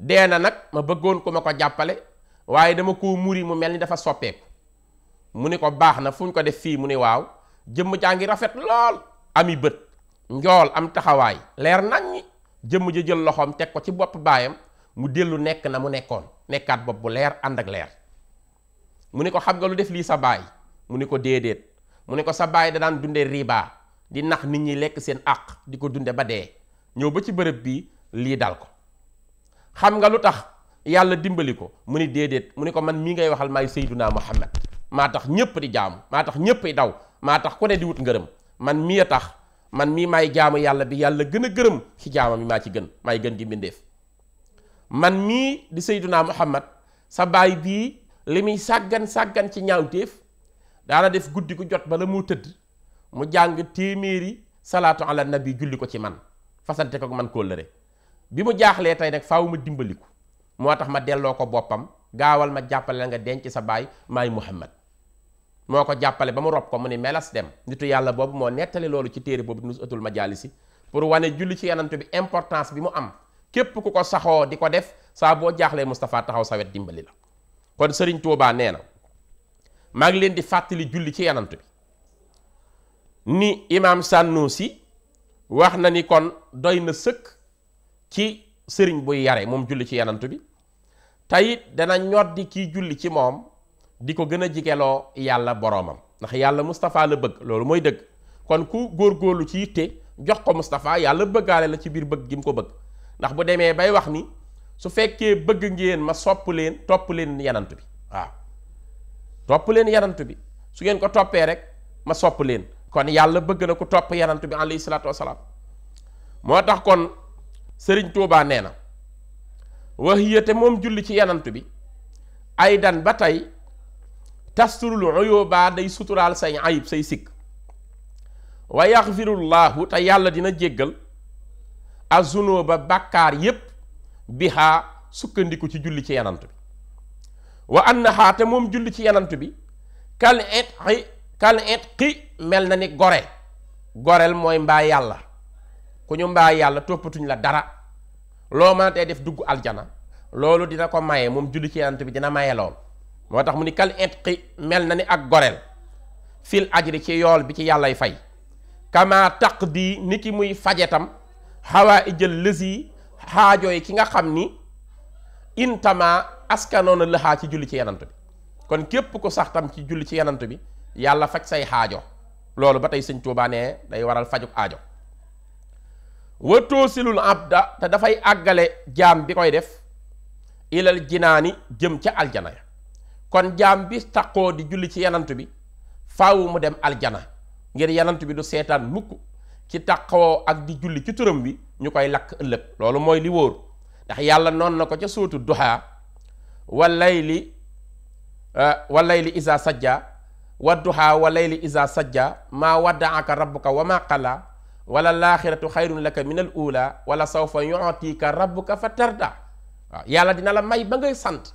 dee na nag ma bëggoon ku ma ko jàppale waaye dama koo muri mu mel ni dafa soppeeku mu ni ko baax na fu ñu ko def fii mu ni waaw jëmm jaa ngi rafet lool ami bët njool am taxawaay leer naññi jëmm ji jël loxoom teg ko ci bopp baayam mu dellu nekk na mu nekkoon nekkaat bopp bu leer ànd ak leer mu ni ko xam nga lu def lii sa baay mu ni ko déedéet mu ni ko sa baay da daan dunde riba di nax nit ñi lekk seen àq di ko dunde ba dee ñëw ba ci bërëb bii lii ko xam nga lutax yalla dimbali ko muni dedet, muni ko man mi ngay waxal may sayyiduna muhammad ma tax ñepp di jaamu ma tax ñépp daw ma tax ku ne di wut ngeureum man mi tax man mi may jaamu yalla bi yalla gëna gëreum ci jaamu mi ma ci gën may gën gi mindeef man mi di sayyiduna muhammad sa bay bi limi saggan saggan ci ñaawteef daana def guddi gu jot bala mu teud mu jang téméri salatu ala nabi julli ko ci man fasante ko man kóllëre bi mu jaaxlee tay nak faaw ma dimbaliku motax ma delloo ko bopam gaawal ma jàppale nga denc sa bay may Muhammad moko ko bamu rob ko muni melas dem nitu yalla boobu mo nettali lolu ci téere boobu nus majalisi pour wane julli ci yanantu bi importance bi mu am kep ku ko saxo diko def sa bo jaaxlee mustafa taxaw sawet dimbali la kon Serigne Touba nee na ngi di fatali julli ci yanantu bi ni imam Sanusi waxna ni kon doyna seuk ci sering bu yare mom julli ci yanantu bi tayit dana di ki julli ci mom di gëna gën yalla boromam ndax yalla mustafa la bëgg lolu moy dëgg kon ku golu ci yitte jox ko mustafa yalla bëggaale la ci bir bëgg gi mu ko bëgg ndax bu démé bay wax ni su fekke bëgg ngeen ma sopp leen top leen yanantu bi wa top leen yanantu bi su ngeen ko topé rek ma sopp leen kon yalla bëgg na ko top yanantu bi alayhi salatu wassalam motax kon sëriñ Tuubaa nee na wax yéete moom julli ci yanant bi ay dan ba tey tasturul uyuba day suturaal say ayib say sikk wa te yàlla dina jéggal ba bàkkaar yépp bihaa sukkandiku ci julli ci yanant bi wa annahaa te moom julli ci yanant bi kal xi kal xi mel na ni gore goreel mooy mbaa yàlla ku ñu mbaa yàlla toppatuñu la dara loo mën tey def dugg aljana loolu dina ko maye moom julli ci yonent bi dina maye lool moo tax mu ni kal itqi mel na ni ak goreel fii ajri ci yool bi ci yàllay fay kama taq di nit ki muy fajetam xawaa ijël lësi yi ki nga xam ni intama askanoona lëxaa ci julli ci yenant bi kon képp ko sax ci julli ci yenant bi yàlla faj say xaajo loolu ba tey sëñ Tuubaa day waral fajuk aajo wa toosilul abda te dafay àggale jaam bi koy def ilal jinaani jëm ca aljana ya kon jaam bi taqoo di julli ci yanantu bi faawu mu dem aljana ngir yanantu bi du seetaan mukk ci taqoo ak di julli ci turam bi ñu koy lakk ëllëg loolu mooy li wóor ndax yàlla noonu na ko ca sóotu duhaa walayli eh, walayli isaa sajja wa duhaa walayli isa sajja maa waddaaka ko wa maa wala laaxiratu khairun laka al ula wala sawfa yu'tika rabbuka fatarda ah, yalla dina la may ba ngay sant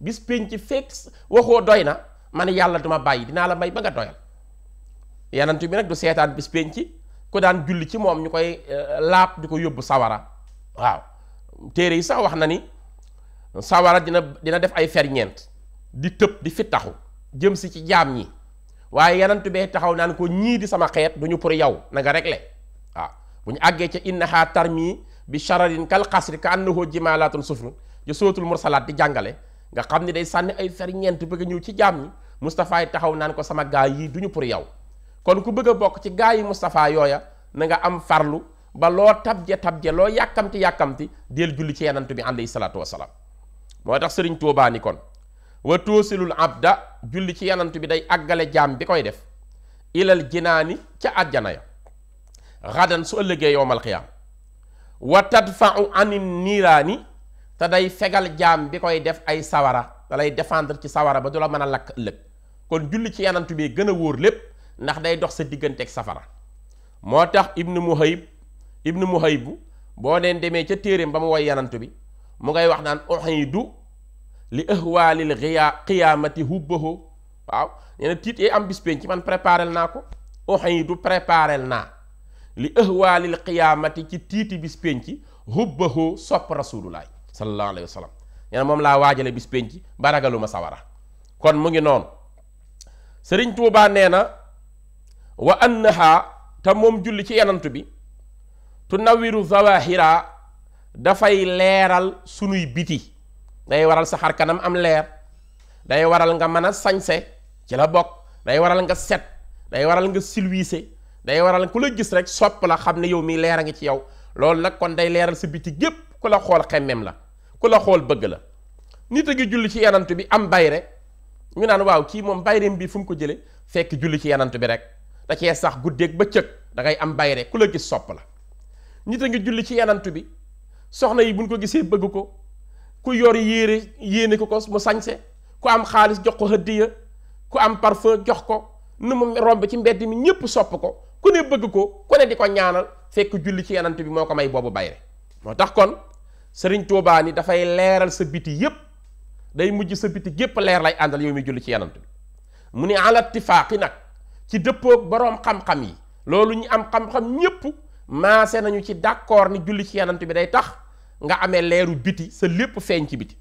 bis pénc fekk waxoo doy na man yalla duma bayyi dina la may ba nga doyal yanantu bi nak du setan bis pénc ku dan julli ci mom ñukoy eh, lap diko di sawara waaw téere yi sax wax na ni sawara dina dina def ay ferñeent di tepp di taxu jëm ci ci jam ñi waye yanantu be taxaw naan ko ñi di sama xet duñu pour yaw na nga ah buñ ñu ci innaha tarmi bi shararin kal xasri ka annahu jimalatun sufrun ja suratul mursalat di jàngale nga xamni day sanni ay fer ñent bëgg ñu ci jamm mustafa yi taxaw naan ko sama gaay yi duñu pour yaw kon ku bëgg bok ci gaay yi mustafa yooya na nga am farlu ba loo tabje tabje lo yakamti yakamti del julli ci yanantu bi alayhi salaatu wasalaam mo tax serigne ni kon wa tusilul abda julli ci yanantu bi day àggale jaam bi koy def ilal jinaani ci aljana ya xadan su ëllëgee yowmal qiyaam wa tadfau anin niiraani te day fegal jaam bi koy def ay sawara da lay ci sawara ba du la mën a lakk ëllëg kon julli ci yanantu bi gën a wóor lépp ndax day dox sa digganteeg safara moo tax ibnu muhayib ibnu muhaybu boo leen demee ca téeréem ba mu woy yanantu bi mu ngay wax naan uhidu li ëxwaalil xiyaa xiyaamati hubbaho waaw nee na tiit yee am bis ci man préparel naa ko du préparel naa li ëhwaalil qiyamati ci titi bis penci hubbahu sop rasulullah sallallahu alaihi wasallam sallam mom la wajale bis penci baragaluma sawara kon mu ngi non serigne touba neena na wa annaha te mom julli ci yanantu bi tunawiru zawahira zawahira fay leral sunuy biti day waral sa xar kanam am leer day waral nga mana sañse ci la bok day waral nga set day waral nga silwiise day waral ku la gis rek sopp la xam ne yow mii leer a ngi ci yow loolu nag kon day leeral sa biti gépp ku la xool xemmem la ku la xool bëgg la nit a ngi julli ci yanantu bi am bayre ñu naan waaw kii moom bayreem bi fu mu ko jële fekk julli ci yanantu bi rek da sax guddeeg bëccëg da ngay am bayre ku la gis sopp la nit a ngi julli ci yanantu bi soxna yi buñ ko gisee bëgg ko ku yor yéere yéene ko ko mu sañse ku am xaalis jox ko hëddiya ku am parfum jox ko nu mu romb ci mbedd mi ñëpp sopp ko ku ne bëgg ko ku ne di ko ñaanal fekk julli ci yanant bi moo ko may boobu bayre moo tax kon sëriñ Tuubaa ni dafay leeral sa biti yépp day mujj sa biti gépp leer lay àndal yow mi julli ci yanant bi mu ni ala tifaaqi nag ci dëppoog boroom xam yi loolu ñu am xam-xam ñépp maase nañu ci d'accord ni julli ci yenant bi day tax nga amee leeru biti sa lépp feeñ ci biti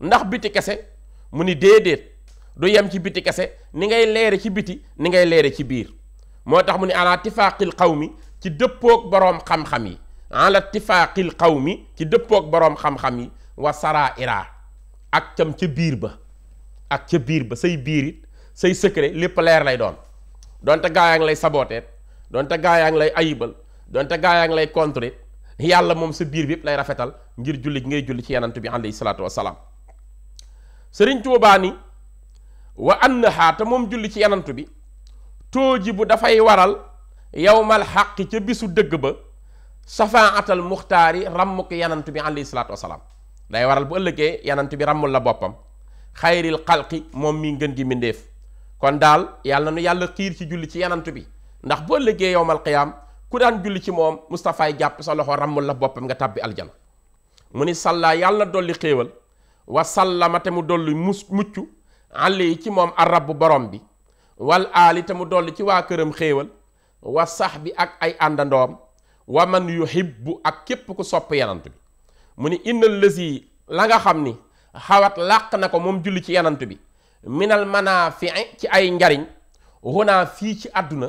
ndax biti kese mu ni déedéet du yem ci biti kese ni ngay leere ci biti ni ngay leere ci biir motax mu ala tifaqil qawmi ci deppok borom xam-xam yi ala tifaqil qawmi ci deppok borom xam-xam yi wa saraira ak cam ci bir ba ak ci bir ba sey birit sey secret lepp leer lay don don ta gaay ak lay saboter don ta gaay ak lay ayibal don ta gaay ak lay contrer yalla mom sa bir bi lay rafetal ngir julli ngay julli ci yanantu bi alayhi salaatu wasalaam serigne touba ni wa annaha ta mom julli ci yanantu bi tooji bu dafay waral yowmal xaqi ca bisu dëgg ba safaatal muxtaar yi ràmm yanant bi alayhi salaatu wasalaam day waral bu ëllëgee yanant bi ràmmul la boppam xayril xalqi moom mii ngën gi mbindéef kon daal yàlla na nu yàlla xiir ci julli ci yanant bi ndax bu ëllëgee yowmal qiyaam ku daan julli ci moom Moustapha jàpp sa loxo ràmmul la boppam nga tàbbi aljana mu ni sàllaa yàlla na dolli xéewal wa sàllama te mu dolli mus mucc àll yi ci moom arab bu borom bi wal aali te mu dolli ci waa këram xéewal wa sax bi ak ay àndandoom wa man yuhibbu ak képp ku sopp yanant bi mu ni indal lësi la nga xam ni xawat làq na ko moom julli ci yanant bi minal manaafi ci ay njariñ hunaa fii ci àdduna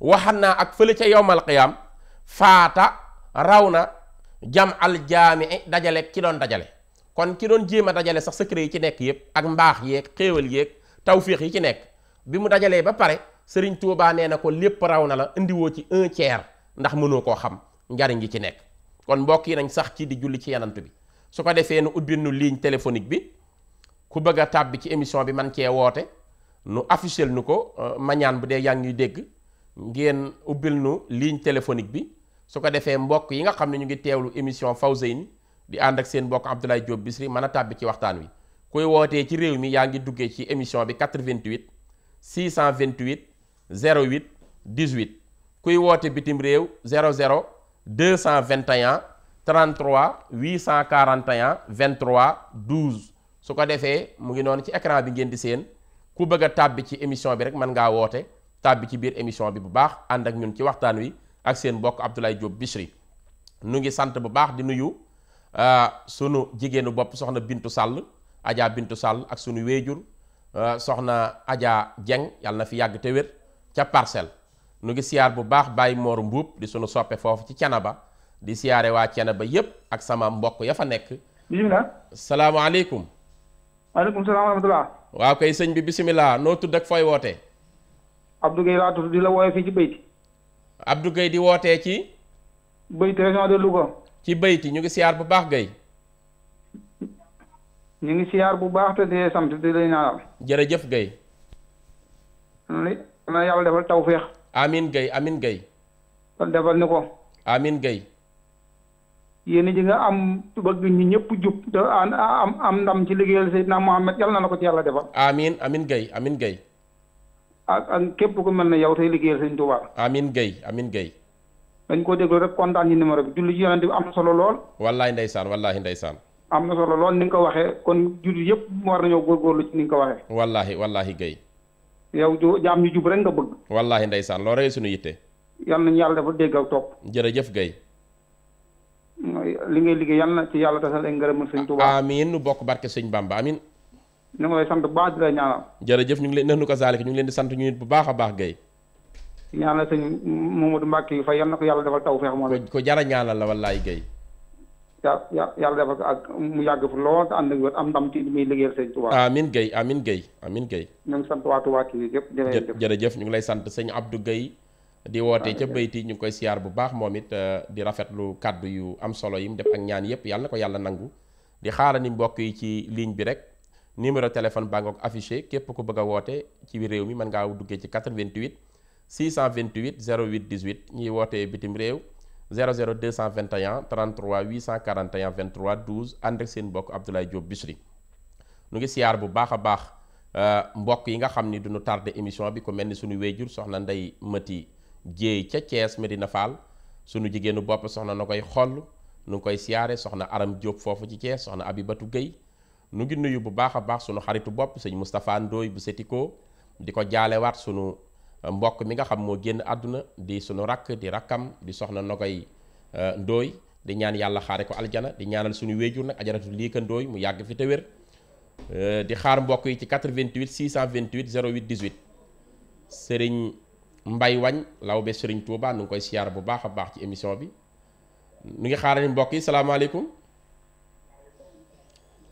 waxan naa ak fële ca yowmal qiyaam faata raw na jam al jaami dajale ki doon dajale kon ki doon jéem a dajale sax secret yi ci nekk yépp ak mbaax yéeg xéewal yéeg tawfiix yi ci nekk bi mu dajalee ba pare sëriñ Touba nee na ko lépp raw na la indiwoo ci un tiers ndax mënoo koo xam njariñ gi ci nekk kon mbokk yi nañ sax ci di julli ci yanant bi su ko defee nu ubbi nu ligne téléphonique bi ku bëgg a tàbbi ci émission bi man cee woote nu officiel nu ko euh, mañaan bu dee yaa ngi dégg ngeen ubbil nu ligne téléphonique bi su ko defee mbokk yi nga xam ne ñu ngi teewlu émission Fawzeyni di ànd ak seen mbokk Abdoulaye Diop Bichri mën a tàbbi ci waxtaan wi kuy wootee ci réew mi yaa ngi duggee ci émission bi 88 vingt 628 08 18 kuy woote bitim réew 00 221 33 841 23 12 su ko defee mu ngi noonu ci écran bi ngeen di seen ku bëgg tàbbi ci émission bi rek mën ngaa woote tàbbi ci biir émission bi bu baax ànd ak ñun ci waxtaan wi ak seen mbokk Abdoulaye Diop Bichri nu ngi sant bu baax di nuyu euh, sunu jigéenu bopp soxna Bintu sàll Adja Bintu sàll ak sunu wéejur Euh, soxna aja jeng yalna na fi yag te wér ca parcel nu ngi siar bu baax bàyyi mor mbub di sunu soppe fofu ci di siaré wa Canaba yep ak sama mbokk ya fa nekk bisimilah salaamaaleykum alaykum salaam wa rahmatullah wa kay sëñ bi bismillah no tudd ak fooy wote Abdou gay la tudd di la woy fi ci beyti Abdou gay di wote ci beyti région de Louga ci beyti ñu ngi siar bu baax gay ñu ngi siyaar bu baax te di leen sant di leen ñaanal. jërëjëf Guèye. li na yàlla defal tawféex. amiin Guèye amiin Guèye. kon ni ko. amiin Guèye. yéen ji nga am bëgg ñu ñëpp jub te am am ndam ci liggéeyal Seydina Mohamed yàlla na la ko ci yàlla defal. amiin amiin Guèye amiin Guèye. ak ak képp ku mel ne yow tey liggéeyal Sëñ Tuubaa. amiin Guèye amiin koo déglu rek kontaan ci numéro bi julli ci yonent bi am solo lool. wallaay ndeysaan wallaay ndeysaan. am na solo lool ni nga ko waxee kon jullit yëpp war nañoo góorgóorlu ci ni nga ko waxee. wallaahi wallaahi gay yow jaam ñu jub rek nga bëgg. wallaahi ndeysaan loo rey suñu yitte. yal nañu yàlla dafa dégg ak topp. jërëjëf gay li ngay liggéey yal na ci yàlla tasal ay ngërëmal sëñ Tuubaa. amiin nu bokk barke sëñ Bamba amiin. ñu ngi lay sant bu baax di la ñaanal. jërëjëf ñu ngi leen nëndu ko saalika ñu ngi leen di sant ñu nit bu baax a baax gay ñaanal sëñ Mamadou Mbacke yu fay yal na ko yàlla defal tawfeex moom ko jara ñaanal la wallaay gay yàlla yàlla yàlla defal ko ak mu yàgg fi lool te ak am ndam ci muy liggéeyal sëñ Touba. amin gay, amin gay. amiin Guèye. ñu ngi sant waa Touba TV yëpp. jërëjëf jërëjëf ñu ngi lay sant Abdou di wote ca bayti ñu koy siyaar bu baax moom eh, di rafetlu kàddu yu am solo yi def ak ñaan ko yàlla nangu. di xaarandi mbokk yi ci ligne bi rek numéro téléphone baa ngoog affiché képp ku bëgg a woote ci réew mi mën ngaa duggee ci 88 628 0818, 18 ñuy bitim réew 00 221 33 841 23 12 ànd ak seen mbokk Abdoulaye Diop Bichri nu ngi siyaar bu baax a baax euh, mbokk yi nga xam ni dunu tardé émission bi ko mel ni suñu wéyjur soxna Ndey Mati Jéey ca Thiès Medina Fall sunu jigéenu bopp soxna na koy xoll nu ngi koy siyaare soxna Aram Diop foofu ci Thiès soxna Abibatu Gueye nu ngi nuyu bu baax a baax sunu xaritu bopp sëñ Moustapha Ndooy bu Setikoo di ko waat sunu mbokk mi nga xam moo génn àdduna di sunu rakk di rakkam di soxna Nogay euh, Ndooy di ñaan yàlla xaare ko aljana di ñaanal suñu wéejur nag ajaratu lii ka Ndooy mu yàgg fi te wér euh, di xaar mbokk yi ci 88 628 08 18 Serigne Mbay Wañ lawbe sëriñ Touba nu ngi koy siyaar bu baax a baax ci émission bi nu ngi xaaral mbokk yi salaamaaleykum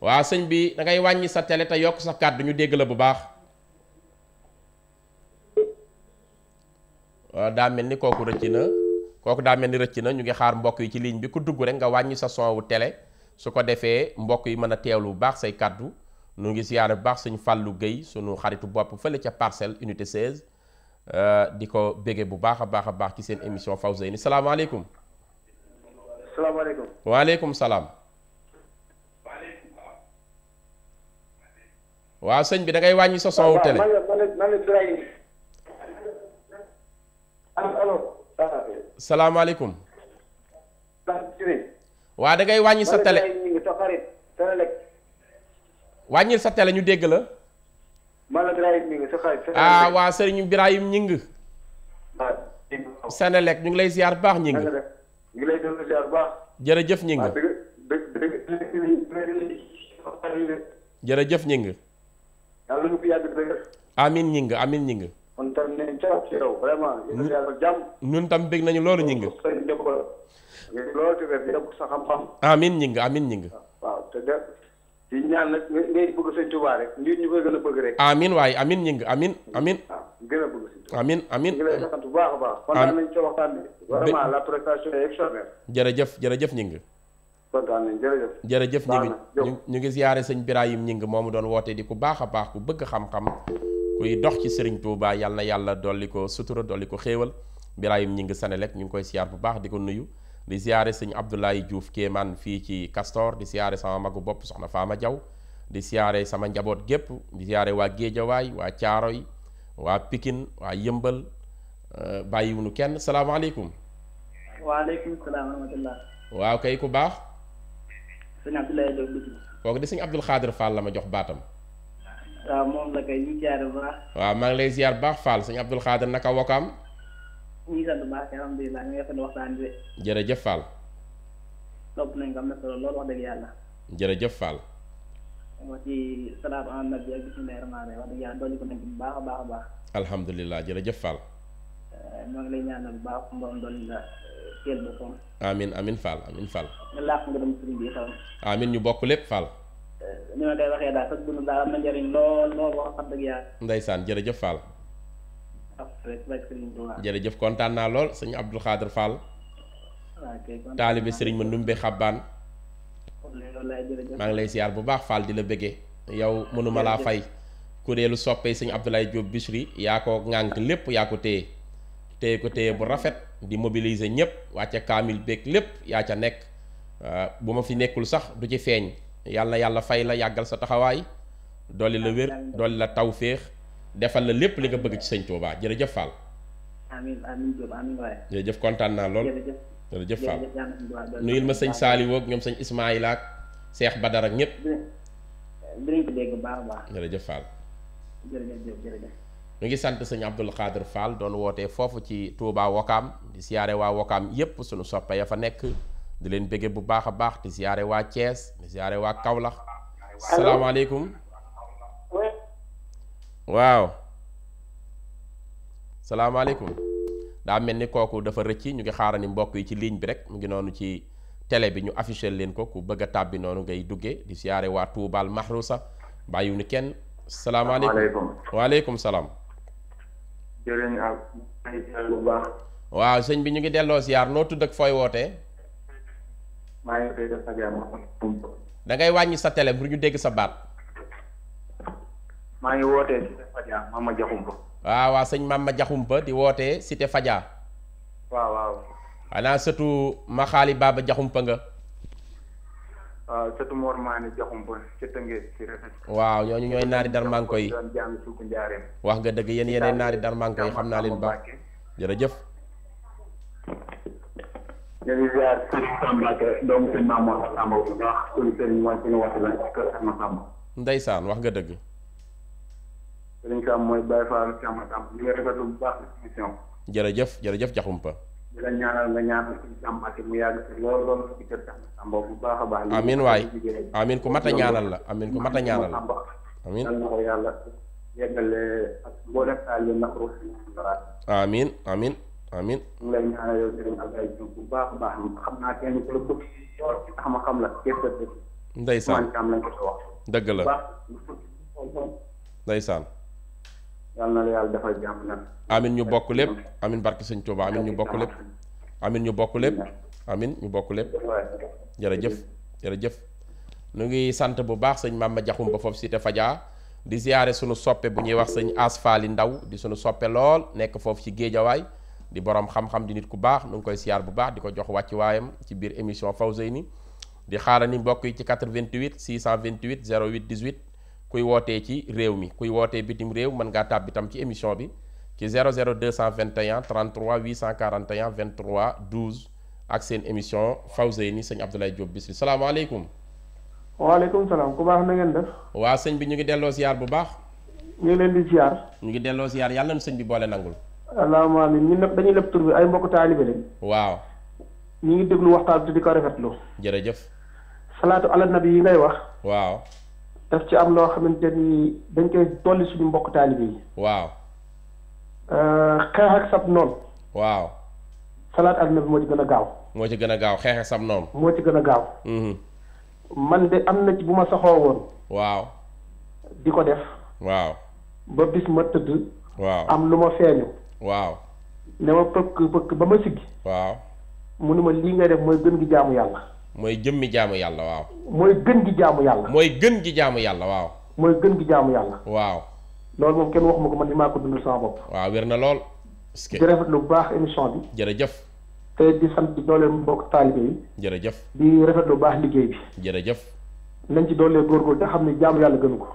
waa sëñ bi da ngay wàññi sa télé te yokk sa kàddu ñu dégg la bu baax. Euh, daa mel ni kooku rëcc na kooku daa mel ni rëcc na ñu ngi xaar mbokk yi ci ligne bi ku dugg rek nga wàññi sa son tele su ko defee mbokk yi mën a teewlu bu baax say kàddu nu ngi siyaare bu baax suñu Fallou Guèye suñu xaritu bopp fële ca parcelle unité 16 euh, di ko bége bu baax a baax a baax ci seen émission Fawzeyni salaamaaleykum. salaamaaleykum. waaleykum salaam. waaw sëñ bi dangay wàññi sa son wu salaamaaleykum. waa da ngay wàññi sa wàññil sa télé ñu dégg la. ah waa sëriñ Birahim Ñing. Senelec ñu ngi lay ziar baax ñi ngi ngi lay ziar baax jërëjëf ñi ngi jërëjëf ñi ngi yàlla ñu ko amin ñi amin ñi ñun tam bég nañu loolu ñi ngi. amiin ñi ngi amiin ñi ngi. waaw te de di ñaan nag ngay bëgg sëñ a bëgg rek. amiin ñi ngi amiin amiin. gën a bëgg sëñ Tuubaa amiin amiin. ñu ngi lay sant bu baax a baax. kontaan nañ ci waxtaan bi. vraiment la prestation est extraordinaire. jërëjëf jërëjëf moomu doon woote di ku baax baax ku bëgg xam-xam kuy dox ci sëriñ Touba yàlla na yàlla dolli ko sutura dolli ko xéewal Birahim ñi ngi Senelec ñu ngi koy siyaar bu baax di ko nuyu di siyaare sëñ Abdoulaye Diouf Kéemaan fii ci Castor di siyaare sama magu bopp soxna Faama Jaw di siyaare sama njaboot gépp di siyaare waa Géejawaay waa Caaroy waa Pikin waa Yëmbal euh, bàyyiwunu kenn salaamaaleykum waaleykum salaam wa rahmatullah waaw kay ku baax sëñ Abdoulaye Diouf di sëñ Abdoul Xaadir Fall la ma jox baatam waaw moom la kay ñu ziar bu baax. waaw maa ngi lay ziar bu baax Fall sëñ Abdul Xaadir naka wakaam. ñu ngi bu baax na solo loolu wax dëgg yàlla. ci salaatu ala nabi ak bismillahi rahmaani rahiim wax baax a baax a baax. alhamdulilah ñu bokk lépp Fall. ni ma koy waxee daal sax dund daal am na njëriñ lool ah, lool wax xam dëgg yàlla. ndeysaan jërëjëf Fall. jërëjëf kontaan naa lool sëñ Abdou Khader Fall. taalibe sëriñ ma numbe xabbaan maa ngi lay siyaar bu baax Fall di la bëggee yow mënuma laa fay kuréelu soppee sëñ Abdoulaye Diop Bichri yaa ko ŋànk lépp yaa ko téye téye ko téye bu rafet di mobiliser ñépp wàcce kaamil lépp yaa ca nekk ah, bu ma fi nekkul sax du ci feeñ yàlla yàlla fay la yàggal sa taxawaay dooli la wér dooli la taw féex defal la lépp li nga bëgg ci sañ Touba jërëjëf Fall. amiin amiin Diop amiin waay. kontaan naa lool jërëjëf. ma sëñ Saliou ak ñoom sëñ Ismaïla ak Cheikh Badara ak ñëpp. ngi sant sëñ Abdoul Khadir Fall doon wootee foofu ci Touba Wokam di siyaare waa Wokam yépp sunu soppe ya fa nekk. di leen bëgge bu baax a baax di ziare waa Thiès di ziare waa Kaolack. salaamaaleykum. waaw. salaamaaleykum. daa mel ni kooku dafa rëcc ñu ngi xaarani mbokk yi ci ligne bi rek mu ngi noonu ci télé bi ñu affiché leen ko ku bëgg tàbbi noonu ngay duggee di ziare waa Toubaal Mahrousa bàyyiwuñu kenn. salaamaaleykum waaleykum salaam. jërëjëf waaw sëñ bi ñu ngi delloo ziar noo tudd ak fooy wootee. maa ngi koy def sa da ngay nah, wàññi sa télé pour ñu dégg sa baat. maa ngi wootee Fadia Mama ah, Mama di wootee Cité Fadia. waaw waaw. xanaa sëtu Maxaali Baba Diakhoumpa nga. waaw Mor Maane Diakhoumpa ci Tëngéej ci Refes. waaw ñooñu ñooy naari darmanko yi doon wax nga dëgg naari leen jërëjëf. ñu ngi ziar Serigne Samba doomu Serigne Mamour Samba bu ndeysaan wax nga dëgg. Serigne Sam mooy Baye Fall Samba Samba bu baax ci jërëjëf jërëjëf Diakhoumpa. la ñaanal nga ñaanal Serigne Sam ak mu bu baax a baax. amiin waay amiin ku mat a ñaanal la amiin ku mat a ñaanal la amiin. yàlla yeggale ak mboolem amin mu lay ñaanal yow sëriñ a na la yàlla defal jàmm amin ñu bokk lépp amin barke sëñ Touba amin ñu bokk lépp. amin ñu bokk lépp. amin ñu bokk lépp. jërëjëf ngi sant bu baax sëñ Mama Jaxum ba foofu Cité Fadia. di ziyaare sunu soppee bu ñuy wax sëñ Asfaali Ndaw di sunu soppee lool nekk foofu ci Géejawaay di borom xam-xam di nit ku baax nu ngi koy siyaar bu baax di ko jox wàcc waayam ci biir émission Fawzeyni di xaarani mbokk yi ci vingt 88 628 08 18 kuy wootee ci réew mi kuy wootee bitim réew mën ngaa tàbbi tam ci émission bi ci 00 221 33 841 23 12 ak seen émission Fawzeyni sëñ Abdoulaye Diop bis bi salaamaaleykum. waaleykum salaam ku baax na ngeen def. waa sëñ bi ñu ngi delloo siyaar bu baax. ñu ñu ngi delloo yàlla sëñ bi boole nangul. allahumma amiin ñun nag dañuy leb tur bi ay mbokk taalibe lañ. waaw. ñu ngi déglu waxtaan bi di ko rafetlu. jërëjëf. salaatu ala nabi yi ngay wax. waaw. daf ci am loo xamante ni dañ koy dolli suñu mbokk taalibe yi. waaw. Euh, xeex ak sab noonu. waaw. salaat ala nabi moo ci gën a gaaw. moo ci gën a gaaw xeex ak sab noonu. moo ci gën a gaaw. Mm-hmm. man de am na bu ma saxoo woon. waaw. di ko def. waaw. ba bis ma tëdd. waaw am lu ma feeñu. waaw. ne ma pëkk pëkk ba ma siggi waaw. mu ne ma lii ngay def mooy gën gi jaamu yàlla. mooy jëmmi jaamu yàlla waaw. mooy gën gi jaamu yàlla. mooy gën gi jaamu yàlla waaw. mooy gën gi jaamu yàlla. waaw. loolu moom kenn wax ma ko man ni maa ko dundal sama bopp. waaw wér na lool. est-ce que lu baax émission bi. jërëjëf. te di sant di dooleel mbokk taalibe yi. jërëjëf di rafet lu baax liggéey bi. jërëjëf. nañ ci dooleel góorgóorlu te xam ne jaamu yàlla gënu ko.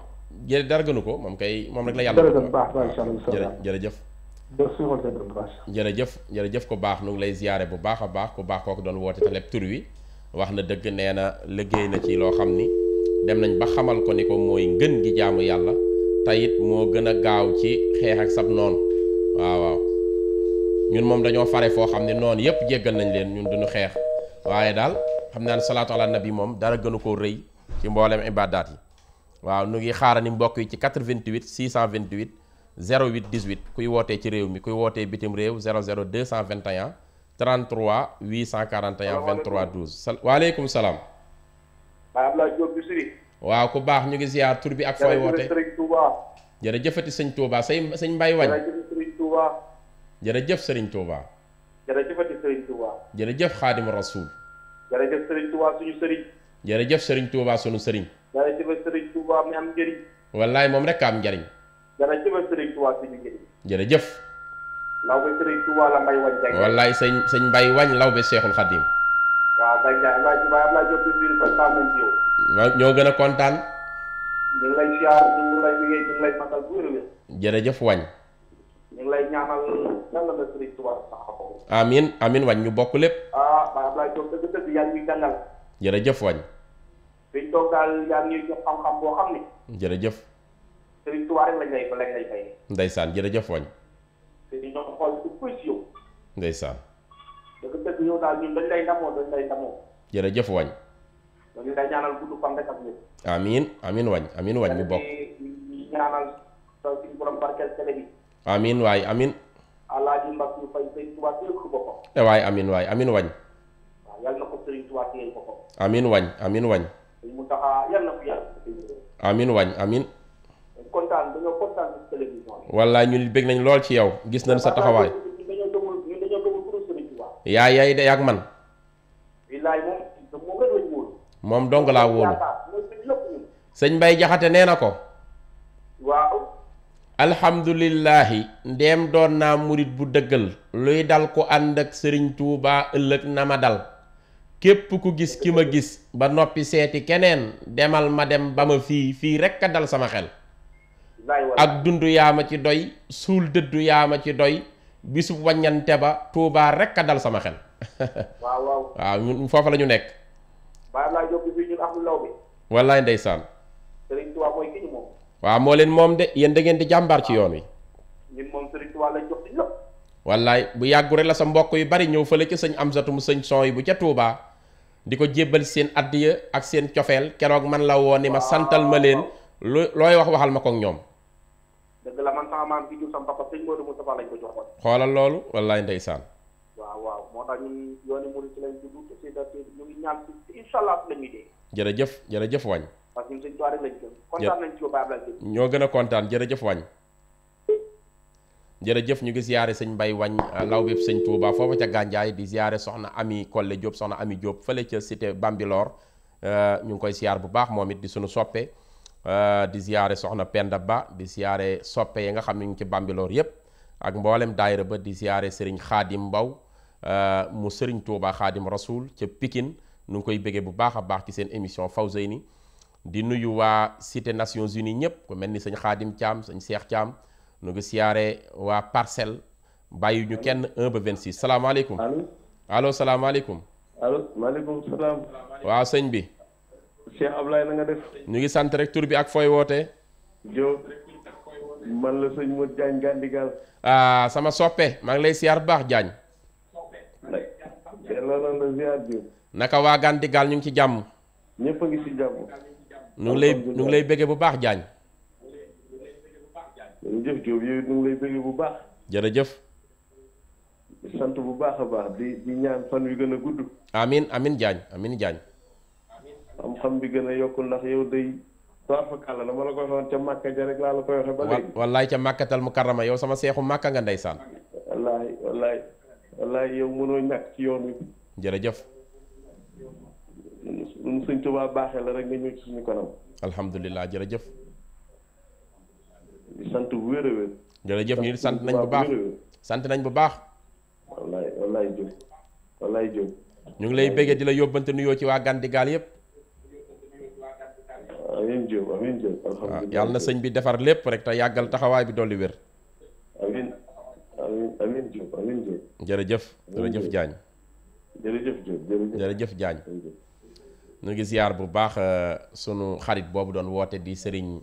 jërë dara gënu ko moom kay moom rek la yàlla. dara gën baax baax incha allah jërëjëf. jërëjëf jërëjëf ko baax nu ngi lay ziyaare bu baax a baax ku baax kooku doon woote taleb tur wi wax na dëgg nee na liggéey na ci loo xam ni dem nañ ba xamal ko ni ko mooy ngën gi jàmm yàlla tayit moo gën a gaaw ci xeex ak sab noonu waaw waaw ñun moom dañoo fare foo xam ne noonu yépp jéggal nañ leen ñun duñu xeex waaye daal xam naa ne salaatu ala nabi moom dara gënu koo rëy ci mboolem ibadaat yi waaw nu ngi xaarani mbokk yi ci 88 628 08 18 kuy wootee ci réew mi kuy wootee bitim réew 00 221 33 841 23 12 sal waaleykum salaam. waaw Abdoulaye Diop Bichri. waaw ku baax ñu ngi ziar tur bi ak. fooy wootee jërëjëf Touba. jërëjëfati sëñ Touba say sëñ Mbaye Wañ. jërëjëf sëriñ Touba. jërëjëf sëriñ Touba. jërëjëfati sëriñ sëriñ Touba suñu sëriñ. jërëjëf sëriñ Touba wallaay moom rek am njëriñ. Touba suñu njëriñ. jërëjëf. lawbe Serigne Touba la Mbaye wañ Ndiaye. wallaay sëñ sëñ Mbaye wañ lawbe Cheikhul Khadim. waaw Mbaye Ndiaye Mbaye Mbaye Abdoulaye Diop di biir kontaan nañ ci yow. waaw ñoo gën a kontaan. ñu ngi lay siyaar ñu ngi lay liggéey ñu ngi lay matal bu wér jërëjëf wañ. ñu ngi lay ñaanal lan la la Serigne Touba saxoo. amiin amiin wañ ñu bokk lépp. ah Mbaye Abdoulaye Diop dëgg dëgg yaa ngi jàngal. jërëjëf wañ. fi ñu toog daal yaa ngi jox xam-xam boo xam ne. jërëjëf Serigne Touba rek lañ lay lañ lay fay. ndeysaan jërëjëf wañ. te ñoo ko xool ku koy eh wañ. ñu day wañ amiin wañ mu wañ. waaw wañ amiin wañ. mu kontaan dañoo kontaan bëgg nañ lool ci yow gis nañ sa taxawaay. dañoo yaay de ak man. moom moom rek dong laa wóolu. sëñ Mbay Jaxate nee na ko. waaw. alhamdulillahi doon naa murit bu dëggal luy dal ku ànd ak Sëriñ Tuubaa ëllëg na ma dal. képp ku gis ki ma gis ba noppi seeti keneen demal ma dem ba ma fii fii rekk a dal sama xel ak dund yaama ci doy suul dëddu yaama ci doy bisu wàññante ba tuubaa rekk a dal sama xel waaw waaw foofa la ñu nekk baa laa jóg wallaay ndeysaan sëriñ waaw moo leen moom de yéen da ngeen di jàmbaar ci yoon wi ñun wallaay bu yàggu rek la sa mbokk yu bari ñëw fële ca sëñ Amsatu mu sëñ son yi bu ca tuubaa di ko jébbal seen addiya ak seen cofeel keroog man la woon ni ma santal ma leen lu looy wax waxal ma ko ak ñoom xoolal loolu wallaay ndeysaan. lañ judd te jërëjëf jërëjëf wañ. parce ñoo gën a kontaan jërëjëf wañ. jërëjëf ñu ngi ziyaare sëñ Mbay Wañ euh, law bépp sëñ Touba foofa ca Gànjaay di ziyaare soxna Ami Kolle Diop soxna Ami Diop fële ca cité Bambilor euh, ñu ngi koy ziyaar bu baax moom it di suñu soppee Euh, di ziyaare soxna Penda Ba di ziyaare soppe yi nga xam ne ñu ci Bambilor yépp ak mboolem daayira ba di ziyaare sëriñ Xaadim Mbaw euh, mu sëriñ Touba Xaadim Rasoul ca pikin nu ngi koy bëggee bu baax a baax ci seen émission Fawzeyni di nuyu waa Cité Nations Unies ñëpp ku mel ni sëñ Xaadim Thiam sañ Seex caam nu ngi siyaare waa Parcelles bàyyi ñu kenn 1 ba 26 salaamaaleykum. allo allo salaamaaleykum. allo maaleykum sëñ bi. Cheikh Ablaye na nga def. ñu ngi sant rek bi ak fooy wootee. Diop man la sëñ Modou Diagne Gandigal. ah sama soppe maa ngi lay siyaar bu baax Diagne. delloo na ziar naka waa Gandigal ñu ngi ci jàmm. ñëpp ngi ci jàmm. ñu lay ñu lay bëggee bu baax Diagne. jërëjëf Diop lay bu sant bu baax di di ñaan fan wi gudd. amin amin Diagne amin Diagne. xam bi gën a yokku ndax yow day saarfakàlla la ma la ko waxoon ca màkka ja rek laa la koy waxe ba léegi wallaay ca màkkatal mu karama yow sama seexu màkka nga ndeysaan wallaay wallaay wallaay yow mënoo ci yoon wi jërëjëf rek nga ñëw ci suñu sant nañ bu baax sant nañ bu baax wallaay wallaay Diop ñu ngi lay béggee di la yóbbante nuyoo ci waa Gandigaal yépp amiin Diop yàlla na sëñ bi defar lépp rek te yàggal taxawaay bi dolli wér. amiin amiin amiin Diop amiin Diop. jërëjëf jërëjëf Diagne. jërëjëf Diop jërëjëf jërëjëf Diagne. ngi ziar bu baax euh, sunu xarit boobu doon woote di sëriñ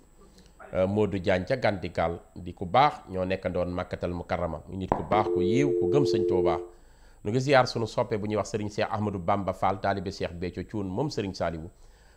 euh, Modou Diagne ca Gantikal di ku baax ñoo nekkandoon Makkatal Mukarrama nit ku baax ku yiiw ku gëm sëñ Tuubaa ñu ngi ziar sunu soppe bu ñuy wax Serigne Cheikh Ahmadou Bamba Fall taalibe Cheikh Béthio Thioune moom Serigne Saliou.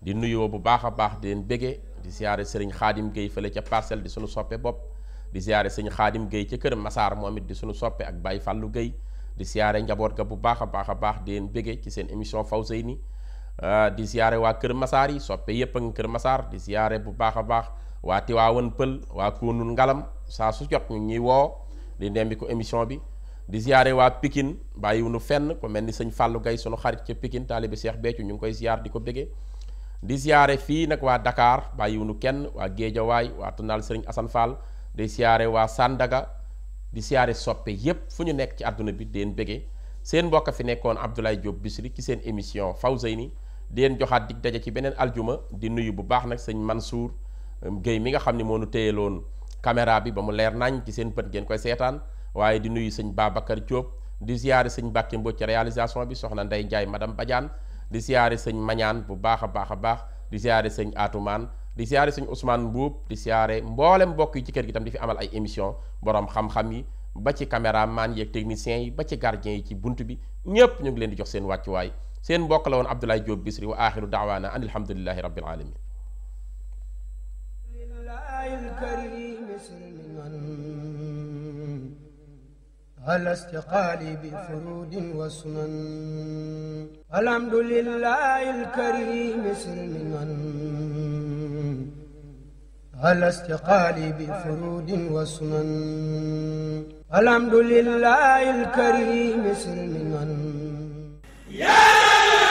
di nuyoo bu baax a baax di leen bége di ziare sëriñ xaadim Guèye fële ca parcelle di suñu soppee bopp di ziare sëriñ xaadim Guèye ca kër Masaar moom it di suñu soppee ak Baye Fallou Guèye di ziare njaboot ga bu baax a baax a baax di leen bége ci seen émission Fawzeyni ah, di ziare waa kër Masaar yi soppe yépp a ngi kër Masaar di siyaare bu baax a baax waa Tiwaawan Pël waa Koonul Ngalam saa su jot ñu ñuy woo di ndembi ko émission bi di ziare waa Pikine bàyyiwunu fenn ku mel ni sëñ Fallou Guèye sunu xarit ca Pikine taalibi Cheikh Béthio ñu ngi koy ziar di ko bége di siyaare fii nag waa Dakar bàyyiwunu kenn waa Géejawaay waa Tunaal Sëriñ Asan di siyaare waa Sandaga di siyaare soppe yépp fu ñu nekk ci àdduna bi deen bége seen mbokk fi nekkoon Abdoulaye Diop Bichri ci seen émission faw Fawzeyni di leen joxaat di daje ci beneen aljuma di nuyu bu baax nag sëñ Mansour um, Guèye mi nga xam ne moo nu téyeloon caméra bi ba mu leer nañ ci seen pët ngeen koy seetaan waaye di nuyu sëñ Babacar Diop di siyaare sëñ Mbàkke Mbóoj ci réalisation bi soxna Ndey Njaay madame Badiane di siyaare sëñ mañaan bu baax a baax a baax di siyaare sëñ Atumaan di siyaare sëñ Ousmane Mbuub di siyaare mboolem mbokk yi ci kër gi tam di fi amal ay émission borom xam-xam yi ba ci caméraman yi ak techniciens yi ba ci gardien yi ci bunt bi ñépp ñu ngi leen di jox seen wàccuwaay seen mbokk la woon Abdoulaye Diop Bisri wa axiru daawaana an alhamdulillahi rabbil alamin على استقالي بفرود وسنن الحمد لله الكريم سلما على استقالي بفرود وسنن الحمد لله الكريم سلما يا